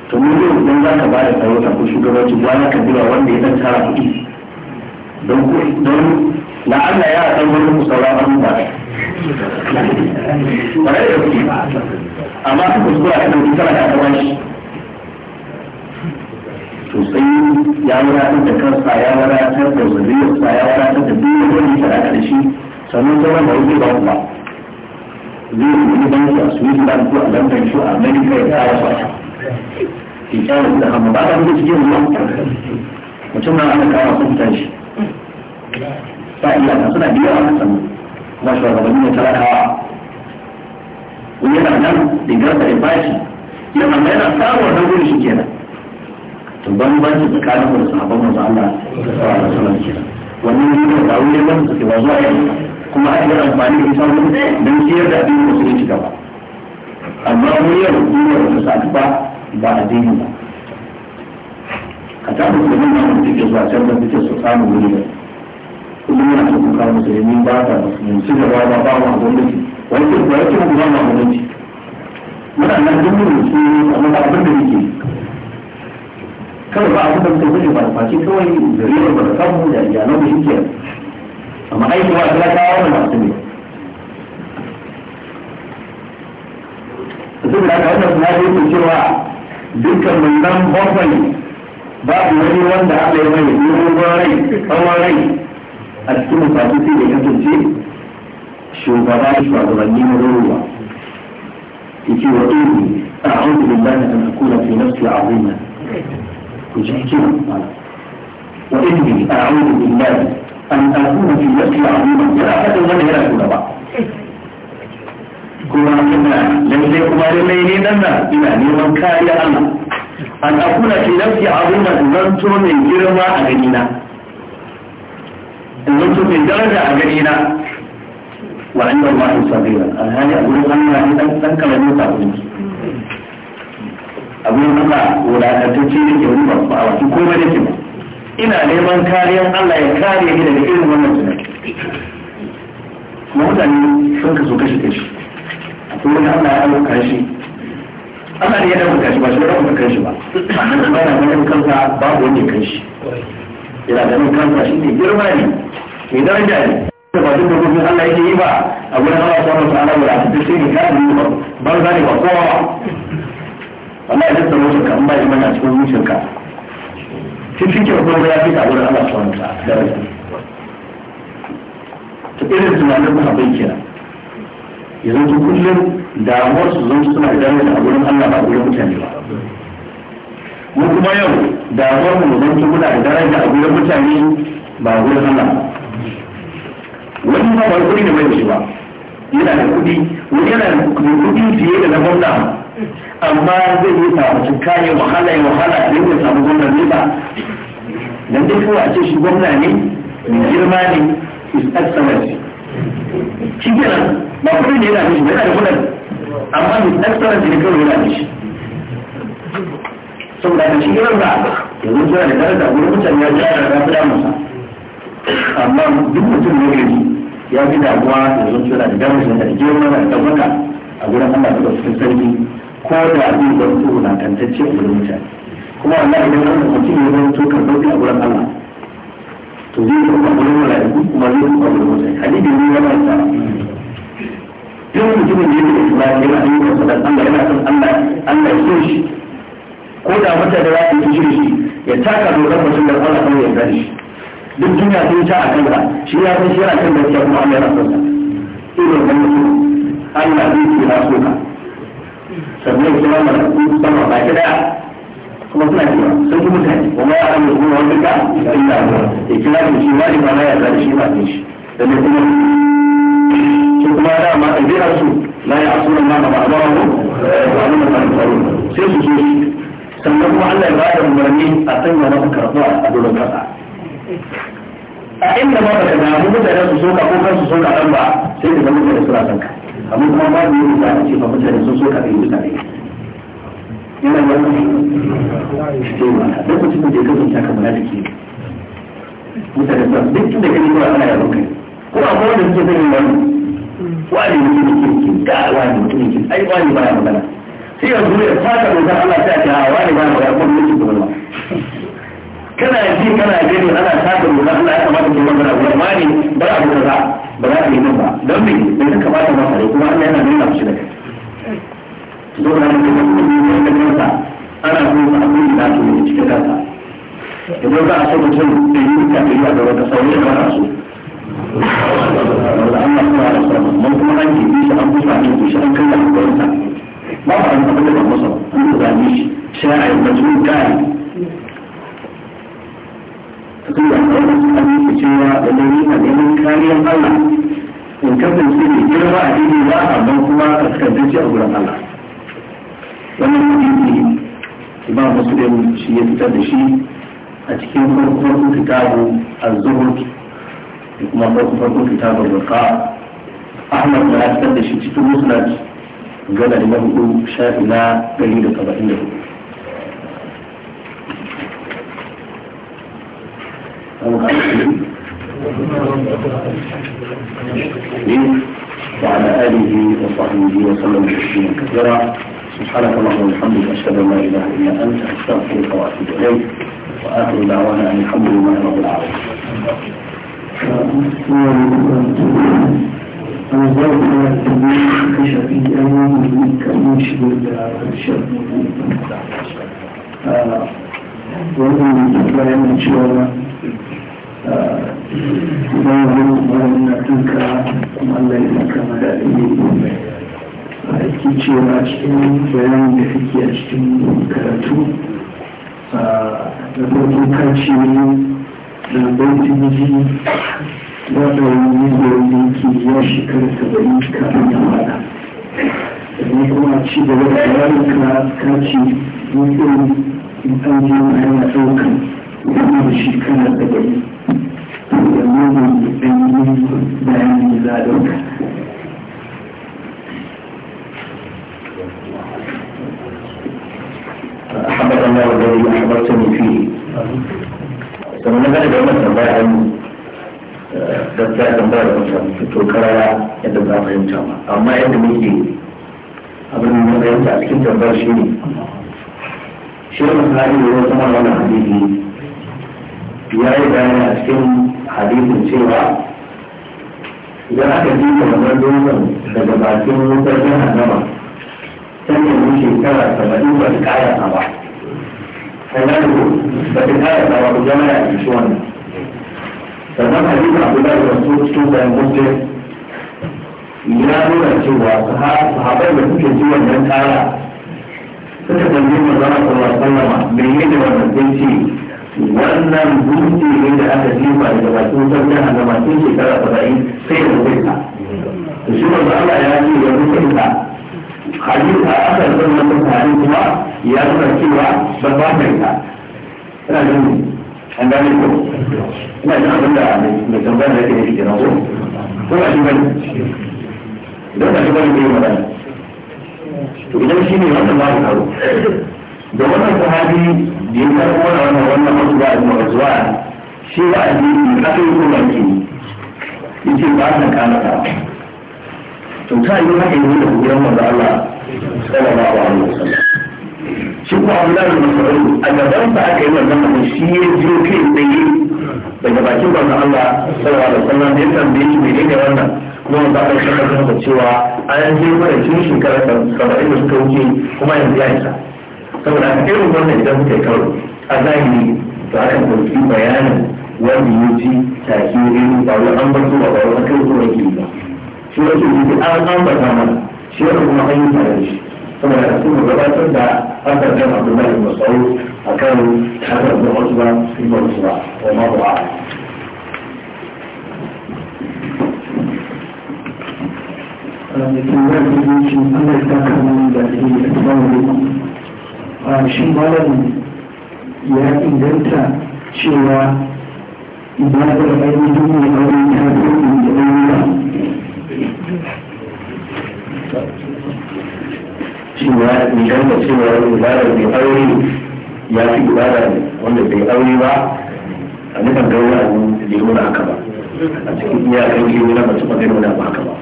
to mu yau idan za ka tsaro ta ko shugabanci ba ka jira wanda ya dan tara kuɗi don don la'alla ya san wani musawa an ba ba da kuɗi amma su kuskura ta ɗauki sama da ta shi sosai ya wadatar da kansa ya wadatar da zuriyarsa ya wadatar da duk wani da da shi sannan zama da wani ba zai yi ban su a switzerland ko a london ko a america ya kawo su a kyawun da hama ba da wani cikin ruwa mutum na ana kawo sun tashi ba iya suna biya a sannan na shugabanni da talakawa yana nan digarsa da bashi yana mai na samu wannan gudu shi kenan to bambanci tsakanin da sahabban manzo Allah sallallahu alaihi wasallam kenan wannan ne da wuri wanda suke ba zuwa kuma a yi amfani da ita wani don ciyar da addinin musulunci gaba amma mu yau duniya ba ta sadu ba ba addini ba ka tabbata da mun da mutum ke zuwa can da suke so samun wuri ne kuma yana cikin kawo musulmi ba ta musulunci da ba ba ma gwamnati wani ba kuwa mu ba ma gwamnati muna nan duk mun su amma ba abin da yake kawai ba abin da mutum zai ba face kawai da zariyar ba da samu da iyalan mu shi ke amma aiki ba ta kawo mana su ne duk da haka wannan na yi cewa dukkan mun nan bakwai babu wani wanda aka yi mai dogon rai tsawon rai a cikin mutane sai da kasance shugaba da shugabanni na ruwa yake wa ɗin a haudu billahi an akuna fi nafsi azima ku ji hikima wa ɗin a da billahi an akuna fi nafsi azima yana fadin wani yana ba. kuma ina lalle kuma lalle ne nan na ina neman kariya Allah an akuna fi nafsi azima zan to mai girma a ganina in min mai daraja a gani na wa an yau ma'in sabira alhali a gurin Allah yi dan dan kalamin sabon a gurin Allah wadatacce ne ke wani babu a wasu komai da ke ba ina neman kariyar Allah ya kare ni daga irin wannan tunani kuma mutane sun kaso kashe kashi akwai wani Allah ya alƙa shi Allah ne ya dauka shi ba shi ya dauka shi ba amma ba na ganin kansa babu wanda ya yana ganin kansa shi ne girma ne mai daraja ne da ba duk Allah yake yi ba a gurin Allah subhanahu ta ne ka yi ba ban zani ba kowa Allah ya kan bai mana cikin zuciyarka ya fi gurin Allah daraja irin tunanin ba bai kira yanzu kullum damuwar su zan suna da daraja a gurin Allah ba gurin mutane ba mu kuma yau da zuwa mu zan ci muna da daraja a gurin mutane ba gurin Allah wani ba ba kuɗi ne bai shi ba yana da kuɗi wani yana da kuɗi fiye da na gwamna amma zai yi samu kayan wahala ya wahala da ya samu gwamna ne ba dan dai kawai a ce shi gwamna ne mai girma ne is excellent shi kenan ba kuɗi ne yana da shi yana da kuɗin amma is excellence ne kawai yana da shi saboda ka cikin ranka yanzu kira da daraja wani mutane ya ji ana rafi da musa amma duk mutum ne gari ya fi damuwa yanzu kira da daraja da girma da ɗaukaka a gurin Allah da cikin sarki ko da abin da mutum na tantance a gurin mutane kuma wallahi idan wannan mutum ya zama to karɓar a gurin Allah to zai kuma gurin mala'iku kuma zai kuma gurin mutane hadisi ne yana sa duk mutumin da yake da imani yana ayyukan sa da Allah yana son Allah Allah ya so mutane za su yi shi ya taka dokar mutum da Allah kuma ya gani duk duniya sun ta a kanka shi ya san shi yana kan gaskiya kuma Allah yana sosa Allah zai ce na sannan kuma mana ku sama ba ki daya kuma suna cewa sun ji mutane kuma ya san mutum ka ina ba ya kira da shi wani ba na ya zai shi ba shi da ne kuma shi kuma da ma su la ya asuna ma ba ba ba ba ba sai su so ba sannan kuma Allah ya ba da umarni a sanya masa karɓuwa a doron kasa a inda ba ka damu mutane su soka ko kansu soka ɗan ba sai ka ga mutane suna son ka amma kuma ba mu yin da ce ba mutane sun soka ɗan mutane yana yi wani cewa duk mutum da ya kasance ka mula da ke mutane suna duk inda ka nuna ana yaron kai ko a kowane da suke zai yi wani wani mutum da ke ga wani mutum da ke ai wani ya magana sai ya ya fata a ce ba ya kuma mutum da wani kana ji kana gani ana fata manzan Allah ya kamata ke magana wani wani ba a buka za ba za a yi nan ba don me bai ta kamata masa kuma Allah yana nuna shi da kai zo na da kuma da kansa ana kuma a kuma da su ne cikin kansa idan za a so mutum da yi ka da yi a gaba da sauri da ba so Allah kuma ya rasa mun kuma an yi shi an kusa ne shi an kai da kansa ba a yi kuma da masa kuma da shi. sai a yi mutum kai kuma da kuma a yi cewa da dani a neman kariyar Allah in kasance ne girma a dini ba a ban kuma a kasance a wurin Allah wannan hadisi imam muslim shi ya fitar da shi a cikin farkon kitabu az-zuhud da kuma farkon kitabun riqa Ahmad ya fitar da shi cikin musnad جدل na hudu shafi na ɗari da saba'in da وعلى آله وصحبه وسلم تسليما كثيرا سبحانك اللهم وبحمدك أشهد أن لا إله إلا أنت أستغفرك وأتوب إليك وآخر دعوانا أن الحمد لله رب العالمين. وزوج السبيل بشفيع منك المشهد الشرعي wannan bayanin cewa bayan wani bayan na tunka kuma Allah ya saka ma da alimi a cikin bayanin a cikin karatu da farko bai wanda yi yanzu ki ya shekara saba'in kafin ya fada sannan kuma ci gaba da bayanin ka ka ce mutum in an je ma yana ɗaukan wani da shekara saba'in da nuna mai ɗanyen yi za a ɗauka أحبك الله الذي أحببتني فيه. فمن هذا يوم الأربعاء don ta tambaya da mutum fito karara yadda za mu fahimta ba amma yadda muke abin da fahimta a cikin tambayar shi ne shi ne misali da wasu mana wannan hadisi ya yi bayani a cikin hadisin cewa idan aka ji da kamar dozon daga bakin wutar jihar nama sai ne mun shekara saba'in ba ta kaya ba. Sai na ba ta kaya ba ku jama'a a cikin wannan. sannan hadisi abdullahi da su cikin bayan muslim ya nuna cewa haɓar da suke ji wannan ƙara. suka tambayi manzara sallallahu alaihi wasallam me yake wannan sai ce wannan dutse ne da aka jefa daga bakin sarki a ga bakin shekara saba'in sai da rubuta to shi manzo Allah ya ce ya rubuta hadisi a aka san wannan hadisi kuma ya nuna cewa ba ba mai ta ina ganin an gane ko ina jin abin da mai tambayar da yake ne kenan ko ko ba shi bane idan ba shi bane bai magana to idan shi ne wannan babu karo da wannan sahabi da ya da wannan wannan wannan zuwa da zuwa shi wa addini aka yi kuma ke yace ba san kana ka to ta yi haka yi da gurin manzo Allah sallallahu alaihi wasallam shi ko Abdullahi bin Mas'ud a gaban sa aka yi wannan abin shi ya jiyo kai tsaye daga bakin manzon Allah sallallahu alaihi wasallam ya tambaye shi ne wannan kuma ba a shaka da cewa an je mana tun shekara 70 da suka wuce kuma yanzu ya isa saboda a irin wannan idan muka yi kawai a zahiri to akan ɗauki bayanin wanda ya ji take ne ba wani an bar ba ba wai an kai su ba shi ba shi ne ke an ambata mana shi wanda kuma an yi tare da shi ثم يكون الرواية تبدا أثر بين عبد الله بن مسعود أكان حسن بن عتبة في مرسلة والله أعلم shin malam ya inganta cewa ibadar ainihin mai aure ta fi da ɗaura cewa idan da cewa ibada mai aure ya fi ibada wanda bai aure ba a nufin gauri a da yi muna haka ba a cikin iyakan ke nuna mace ba zai nuna ba haka ba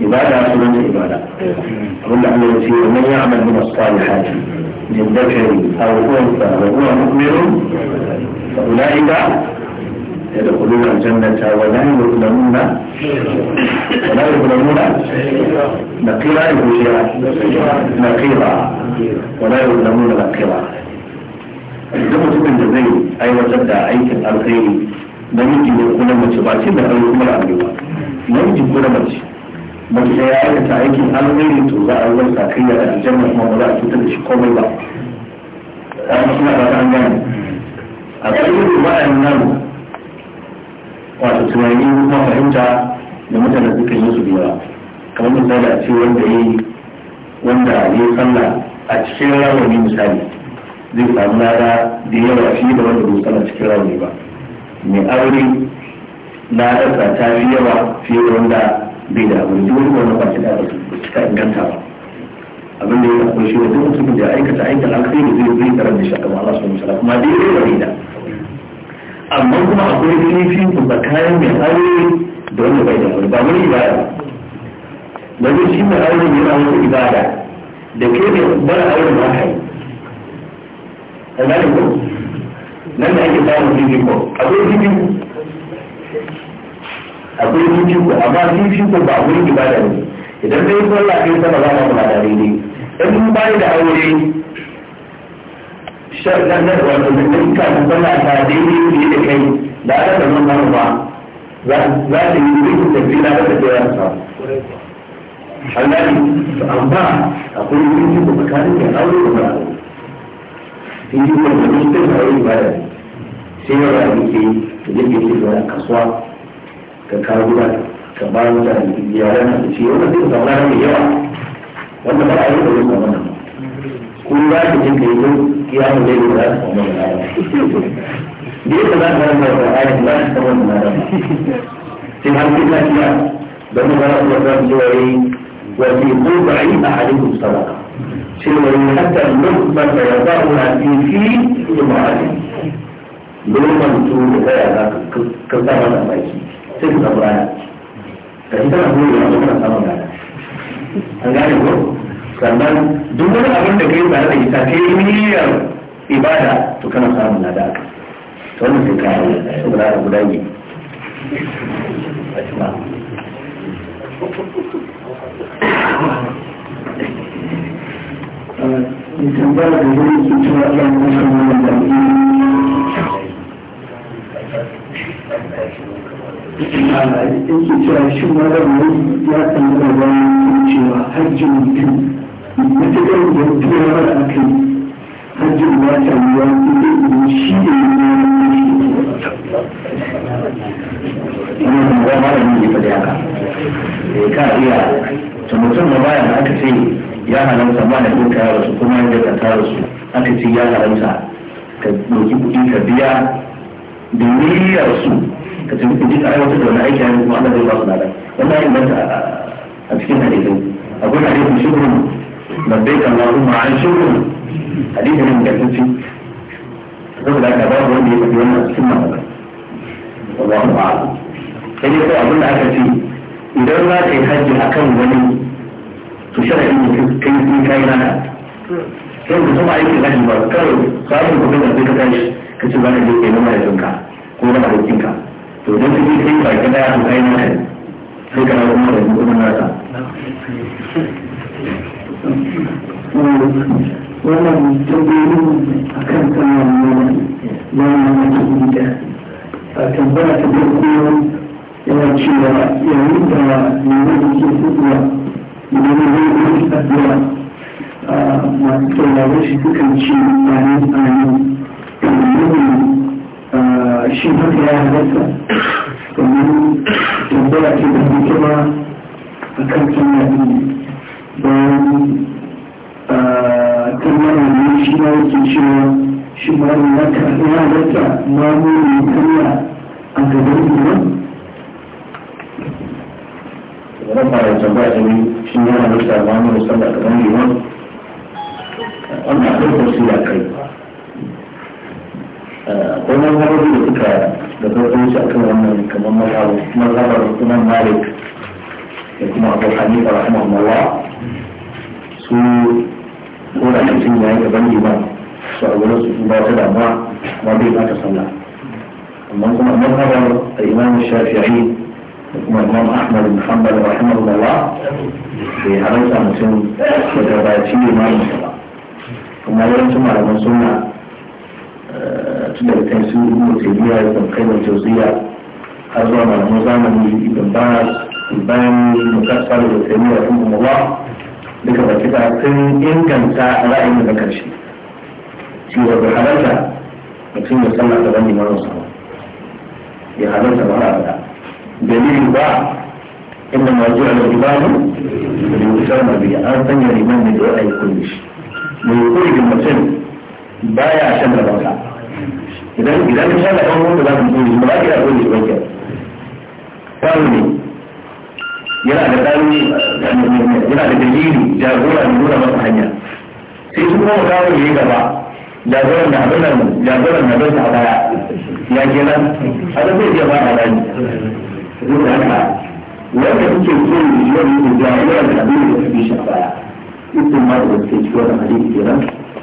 ibada sunan ta ibada abinda an yi ce wannan ya amal min as-salihati min dhakari aw unsa wa huwa mu'min fa ulaika يدخلون الجنة ولا يظلمون ولا يظلمون نقيرا يبشيرا نقيرا ولا يظلمون نقيرا idan mutumin da zai aiwatar da aikin alkhairi namiji ne ko na mace ba ce da kai kuma da arewa namiji ko na mace mace ya aikata aikin alkhairi to za a yi wasa da aljanna kuma ba za a cutar da shi komai ba a yi suna ba ta an gane a kai da wato tunani kuma fahimta da mutane suka yi su biya kamar misali a ce wanda ya yi wanda ya yi sallah a cikin rawani misali zai samu lada da yawa shi da wanda bai sallah cikin rawani ba mai aure na ɗarsa ta fi yawa fiye da wanda bai da abu duk wani wani ba shi da cika inganta ba abin da ya yi shi duk mutumin da aikata aikata alkhairi zai zai tarar da shi a kamar Allah subhanahu wa kuma dai rai da amma kuma akwai laifin su tsakanin mai aure da wanda bai da aure ba wani ibada ba zai shi mai aure yana wata ibada da ke ne bar aure ba haka a gane ko nan da ake samun fifiko akwai fifiko akwai ko, amma ko ba wani ibada ne idan bai yi sallah kai sallah ba ma kuma da daidai ɗan bayan da aure shan ganar wato mutum kan tana ta daidai fiye da kai da aka za ta yi zai tafi na da tafiyar sa halali amma akwai wani da da ba wanda ba da sai ke da ke ke da yawa wanda ba a yi da wani zama in za ka je ka yi don kiyamun da za ka samu da da yadda za ka rama da ayin za ka samu da rama sai har kuka kiya da mu zara kuma za mu ji wari wa fi qurba'i ahadikum sadaqa shi ne hatta lukman da ya ba mu fi fi jama'a lukman to da ya za ka sama da baki sai ku samu rana da ita na gobe ya zo kana samu rana an gane ko sannan duk wani abin da kai tare da ita ta yi niyyar ibada to kana samun lada aka to wannan sai kawo kai saboda da guda ne tambaya da zai cewa ɗan musamman da yake cewa shi wadda ya tambaya cewa hajjin biyu matuƙar gajiyar wata ake hajjin wata ruwa kuma shi ne yana da ba da yi fada haka da ka iya ta mutum da bayan aka ce ya halarta ba da ɗauka yaro su kuma yadda ka tara su aka ce ya halarta ka ɗauki kuɗi ka biya da miliyar su ka tafi kuɗi ka aiwatar da wani aiki a yanzu kuma ana zai ba su lada wannan ya inganta a cikin hadisai akwai hadisin shugurin labbaik Allahumma an shukr hadisi ne da kace saboda haka babu wanda ya faɗi wannan cikin malamai Allahu a'lam sai dai abin da aka ce idan za ka yi hajji akan wani to sharadi ne kai sai kai rana sai ka zama aikin hajji ba kawai samun kuɗin da sai ka tashi ka ce za ka je kai na mahaifinka ko na mahaifinka to don su kai ba ka daya to kai na kai sai ka na kuma da kuɗin nasa wannan tambayoyin a kan kawo na mamaki da a tambaya ta farko yana cewa yayin da nuna da ke fitowa idan ya yi masu tauraro shi sukan ce amin amin domin shi haka ya halatta domin tambaya ce da kuma a kan don kalmar wani shi ma yake cewa shi ma yana karɓa ma mu ne karya a gaban iran na fara tambaya da ni shi yana halitta ma mu musamman a gaban iran an ta ɗaukar su ya kai akwai mazhabar da suka da farkon shi akan wannan kamar mazhabar imam malik da kuma abu hanifa rahimahullah su ko da mutum ya yi gaban liman su a wurin su ba ta damuwa kuma bai ba ta sallah amma kuma mazhabar al-imam shafi'i da kuma imam ahmad bin hanbal rahimahullah bai halarta mutum da gabaci limamin ba kuma yawancin malaman suna tun daga kan su ibn taymiya ibn qayyim al-jawziyya har zuwa malaman zamani ibn baz ibn mukassar da taymiya rahimahullah duka baki ba sun inganta ra'ayin da karshe shi da halarta mutum ya sallah da wani mara sama ya halarta ba da dalilin ba inda ma zuwa da ibadu da da biya an sanya liman ne da ya yi kulli shi mai kulli mutum baya shan da baka idan idan ka shan da kan wanda za ka shi ba ka shi ba ke ne yana da tarihi yana da dalili jagora da nuna masa hanya sai su kuma kawo ya gaba jagoran da abin jagoran da bai ta baya ya ke a da zai ba a rani zuwa haka wanda suke so yi wani da jagoran da abin da suke shi a baya ikon ma da suke ci wani hadisi ke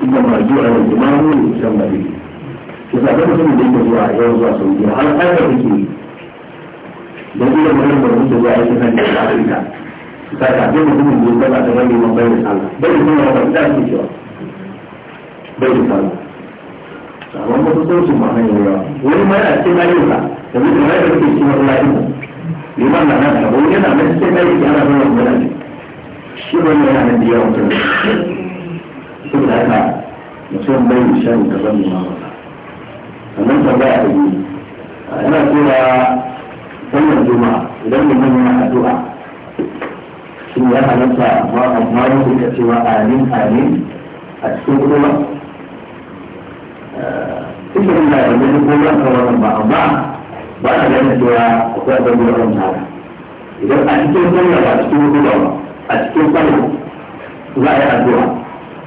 ikon ma zuwa da jima'a da kusan bari. Kusa ga mutum da yake zuwa yau zuwa sau biyu har an da suke yi don ina magana da mutum ya aiki kan da Afirka ta ta ce mutum da ya gaba ba wani mai bayyana sallah bayyana sallah ba ta ce cewa bayyana sallah amma ba su su ma hanyar yawa wani mai a cikin ayyuka da mutum ya da kuke cikin wani lafiya liman na nan da wani yana nan cikin ayyuka ana nuna wani lafiya shi wani yana nan da yawan kan saboda haka mutum bai yi shan gaban liman ba sannan tambaya da yi ana cewa sallar juma idan mutum yana addu'a shi ya halatta ba a mara su ka cewa amin amin a cikin kuma eh, ita yin da yanzu duk kuma ka wannan ba amma ba a ganin cewa akwai abin da wannan tara idan a cikin sallar ba cikin kuma ba a cikin sallar za a yi addu'a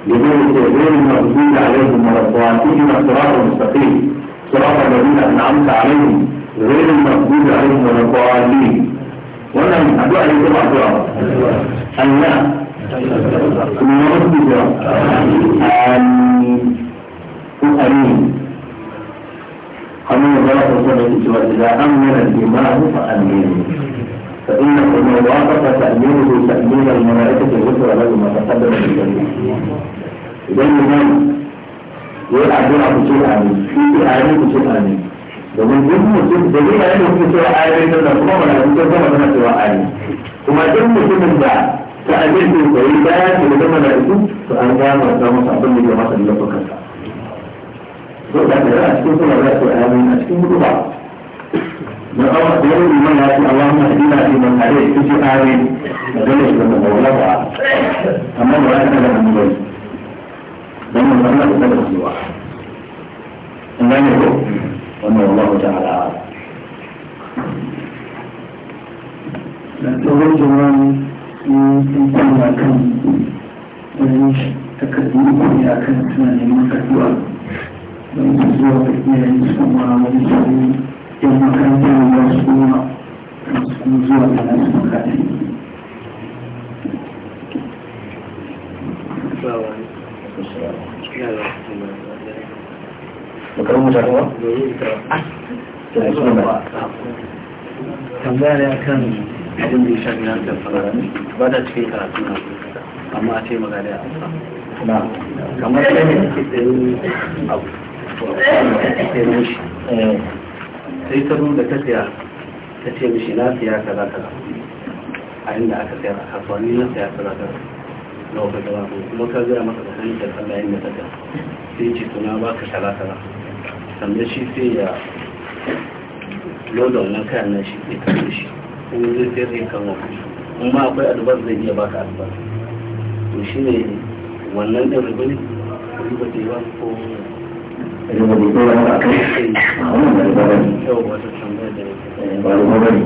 يقول غير المغضوب عليهم ولا الضالين صراط مستقيم صراط الذين انعمت عليهم غير المقبول عليهم ولا الضالين وانا الدعاء يجب على الدعاء الله ثم ربك امين امين قالوا ظلفوا صدقي جواد اذا امن الدماغ فامين فإن الموضوعات فتأمينه تأمين الملائكة الأخرى له ما تقدم من ذلك. إذا إذا يقع دعاء بسوء عليه، في دعاء بسوء عليه. domin duk mutum da zai yana mutum cewa ayoyin nan kuma mana mutum kuma mana cewa ayoyi kuma duk mutumin da ta abin da koyi baya ce da mana su to an ga ma ta masa abin da ya masa da lokacin sa to da a cikin sura da ta ayoyin a cikin hudu na da da yau iman ya ce Allahumma hadina fi man hadi ku ji da dole shi da ba amma ba ta da mun ba dan mun ba ta da cewa an ne ko wannan wallahu ta'ala da tsoron jama'a sun da kan wani takardu ne a kan suna neman kaduwa don su zuwa da iyayen su kuma wani suna yan makaranta ne ba su kuma su kuma zuwa da nasu bukatu bakar mutane ba? tambaya ne akan abin da ya shafi na da sarara ba da cikin karatu na amma a ce magana ya amsa kamar da ne ake tsayin abu eh. sai mishi sai ta da ta siya ta ce mishi na siya kaza kaza a inda aka siya a kasuwanni na siya kaza kaza na wata gaba kuma ka gaya masa da hanyar sallah inda ta siya sai ce suna ba ka kaza kaza sannan shi sai ya loda na kayan nan shi sai kashe shi in zai sai zai kama in ma akwai albar zai iya baka albar to shi ne wannan ɗin riba ne riba da yawa ko riba da yawa a kan shi yau wata tambaya da eh, ba riba ba ne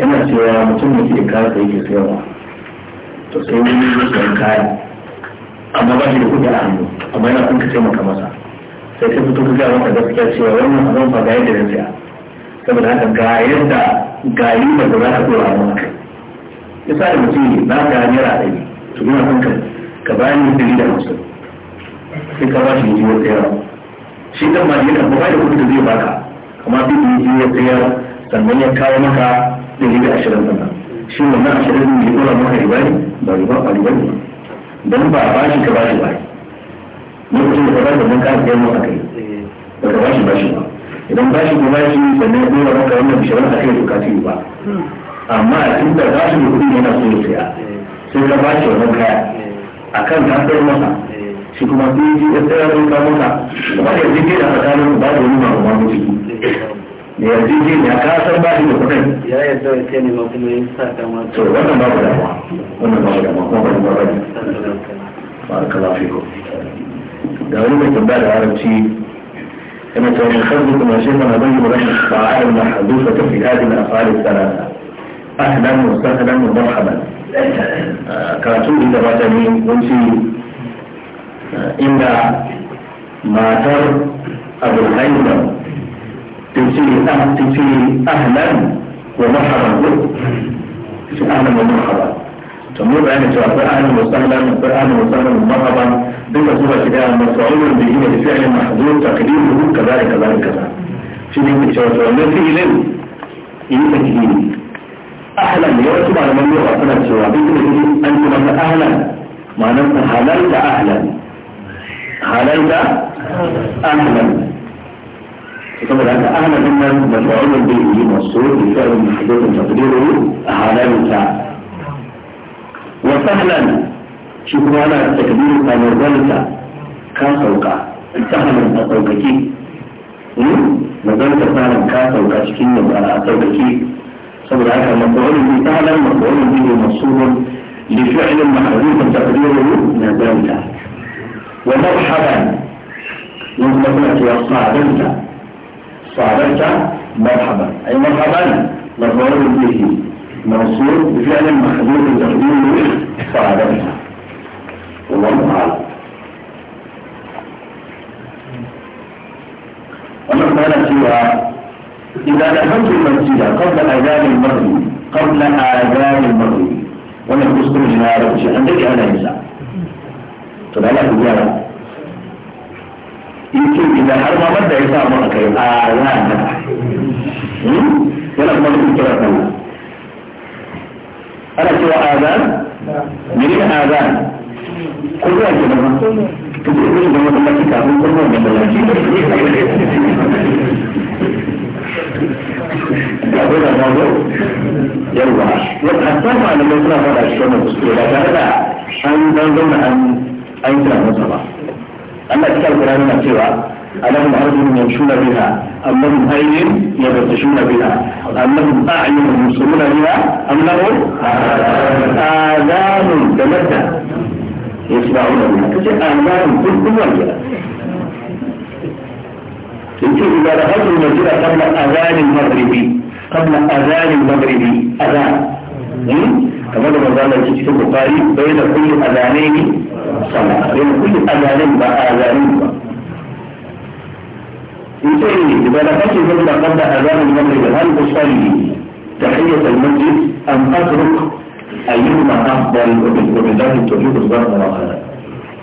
yana cewa mutum da ke da yake sayarwa to sai wani yi kayan amma ba shi da kuɗi a hannu amma yana kun ka taimaka masa sai sai mutum ka masa gaskiya cewa wannan abin fa ga yadda zai tsaya saboda haka ga yadda ga riba da za ka dora mu akai yasa da mutum ne na ga naira ɗari to ina son ka ka bayar ni ɗari da hamsin sai ka ba shi yaji wa tsayar shi kan ba yana ba da kuɗi da zai baka amma duk da yaji wa tsayar sannan ya kawo maka ɗari da ashirin sannan shi wannan ashirin ne ya dora maka riba ne ba riba ba riba ne don ba ba shi ka ba shi ba lokacin da ba da banka ka yi maka kai ba ka bashi bashi ba idan bashi ko bashi sannan ne dora maka wannan bishirar a kai to ka ba amma tun da bashi da kuɗi yana so ya saya sai ka bashi wannan kaya a kan ka sayar masa shi kuma sai ji ya sayar da ka masa kuma da yanzu da tsakanin ba da wani ma'amma ko ciki da yanzu ke ya ka san bashi da kuɗin ya yarda ya kai ne ma kuma ya sa dama to wannan babu damuwa wannan babu damuwa kuma ba ba ba barakallahu fikum da wani mai tambaya da larabci yana cewa shi kan zuwa shi mana bayyana rashin fa'ar na hadufa ta fi hadin afalin salasa ahlan wa sahlan wa marhaban karatu din da bata ne wanci inda matar abul haidar ta ce ahlan wa marhaban ko ta ce ahlan wa marhaban to mu bayanin cewa akwai ahlan wa sahlan akwai ahlan wa sahlan wa marhaban بتقول كده مفعول به بفعل محذوف تقديره كذلك كذلك كذلك شنو انت شايفه ما في لين ايه تكليم اهلا يا رب على من يقع في السوء بيقول انت من اهلا معناتها حللت اهلا حللت اهلا طب انا اهلا من مفعول به مفعول بفعل محذوف تقديره حللت وسهلا shi kuma yana da takbirin kamarwanta ka sauka sahanin a saukake magarta sahanin ka sauka cikin yau a saukake saboda haka mafaulin bi sahanin mafaulin bi ne masulun لفعل محذوف تقديره نزلت ومرحبا يطلقون يا صعدت صعدت مرحبا أي مرحبا مفعول به موصول بفعل محذوف تقديره صعدت والله أعلم ومن كان سوى إذا دخلت المسجد قبل أذان المغرب قبل أذان المغرب wannan kuskure ne na yaro ce an dade ana yin sa to da Allah ku gyara yake idan har ma wanda ya sa mu a kai a yana nan yana kuma da kira sallah ana cewa azan menene azan ko za ki da ba ki ce zai zama da lafi kafin zama da mallaci ga gona na zo yawwa yadda hatta ma da mai suna fada shi wannan kuskure ba tare da an zan zauna an an kira masa ba Allah cikin alkurani na cewa ألهم أرجل يمشون بها أم لهم أيدي يبطشون بها أم لهم أعين يبصرون بها أم لهم آذان تمدد يسمعون بها تجد أعمالهم كلهم انت إذا دخلت المسجد قبل أذان المغربي قبل أذان المغربي أذان كما لما قال في البخاري بين كل أذانين صلاة بين كل أذانين وأذانين انت إذا دخلت المسجد قبل أذان المغرب هل أصلي تحية المسجد أم أترك أيهما أفضل وبالذات التوفيق وزارة مراحلة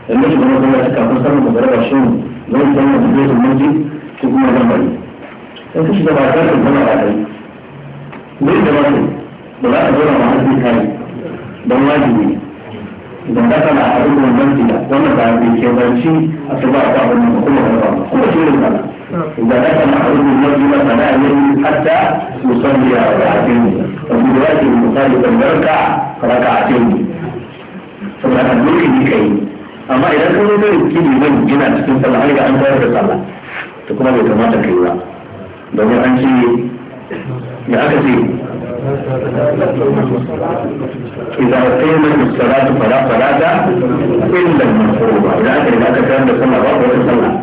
النبي صلى الله عليه وسلم كان سنة مبارك عشان لو كان في بيت المسجد تكون جمعي مفيش جماعات في الجمعة عليه ليه جماعي؟ ده لا أدور مع حد بيتهاي ده واجبي إذا دخل أحدكم المسجد وما تعبي كيبانشي أتباع بعض من كل غيره كل شيء لله إذا دخل أحدكم المسجد فلا يجب حتى يصلي ركعتين wani da yake da misali da barka raka a cikin ne saboda a duk ne kai amma idan ka zo da yake ne mai cikin sallah har ga an tsayar da sallah to kuma bai kamata kai ba domin an ce ya aka ce إذا قيمة الصلاة فلا صلاة إلا المفروضة لأنك إذا كان صلى الله عليه وسلم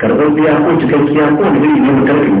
كرغم فيها كنت كيف يكون من يوم كرغم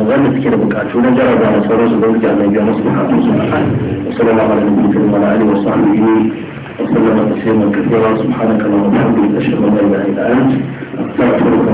wanda suke da bukatu na jaraba da sauran su gwamnati a biya musu bukatu su sallallahu alaihi wa sallam alaihi wa sahbihi wa sallama taslima kathira subhanaka allahumma wa bihamdika ashhadu an la ilaha illa anta astaghfiruka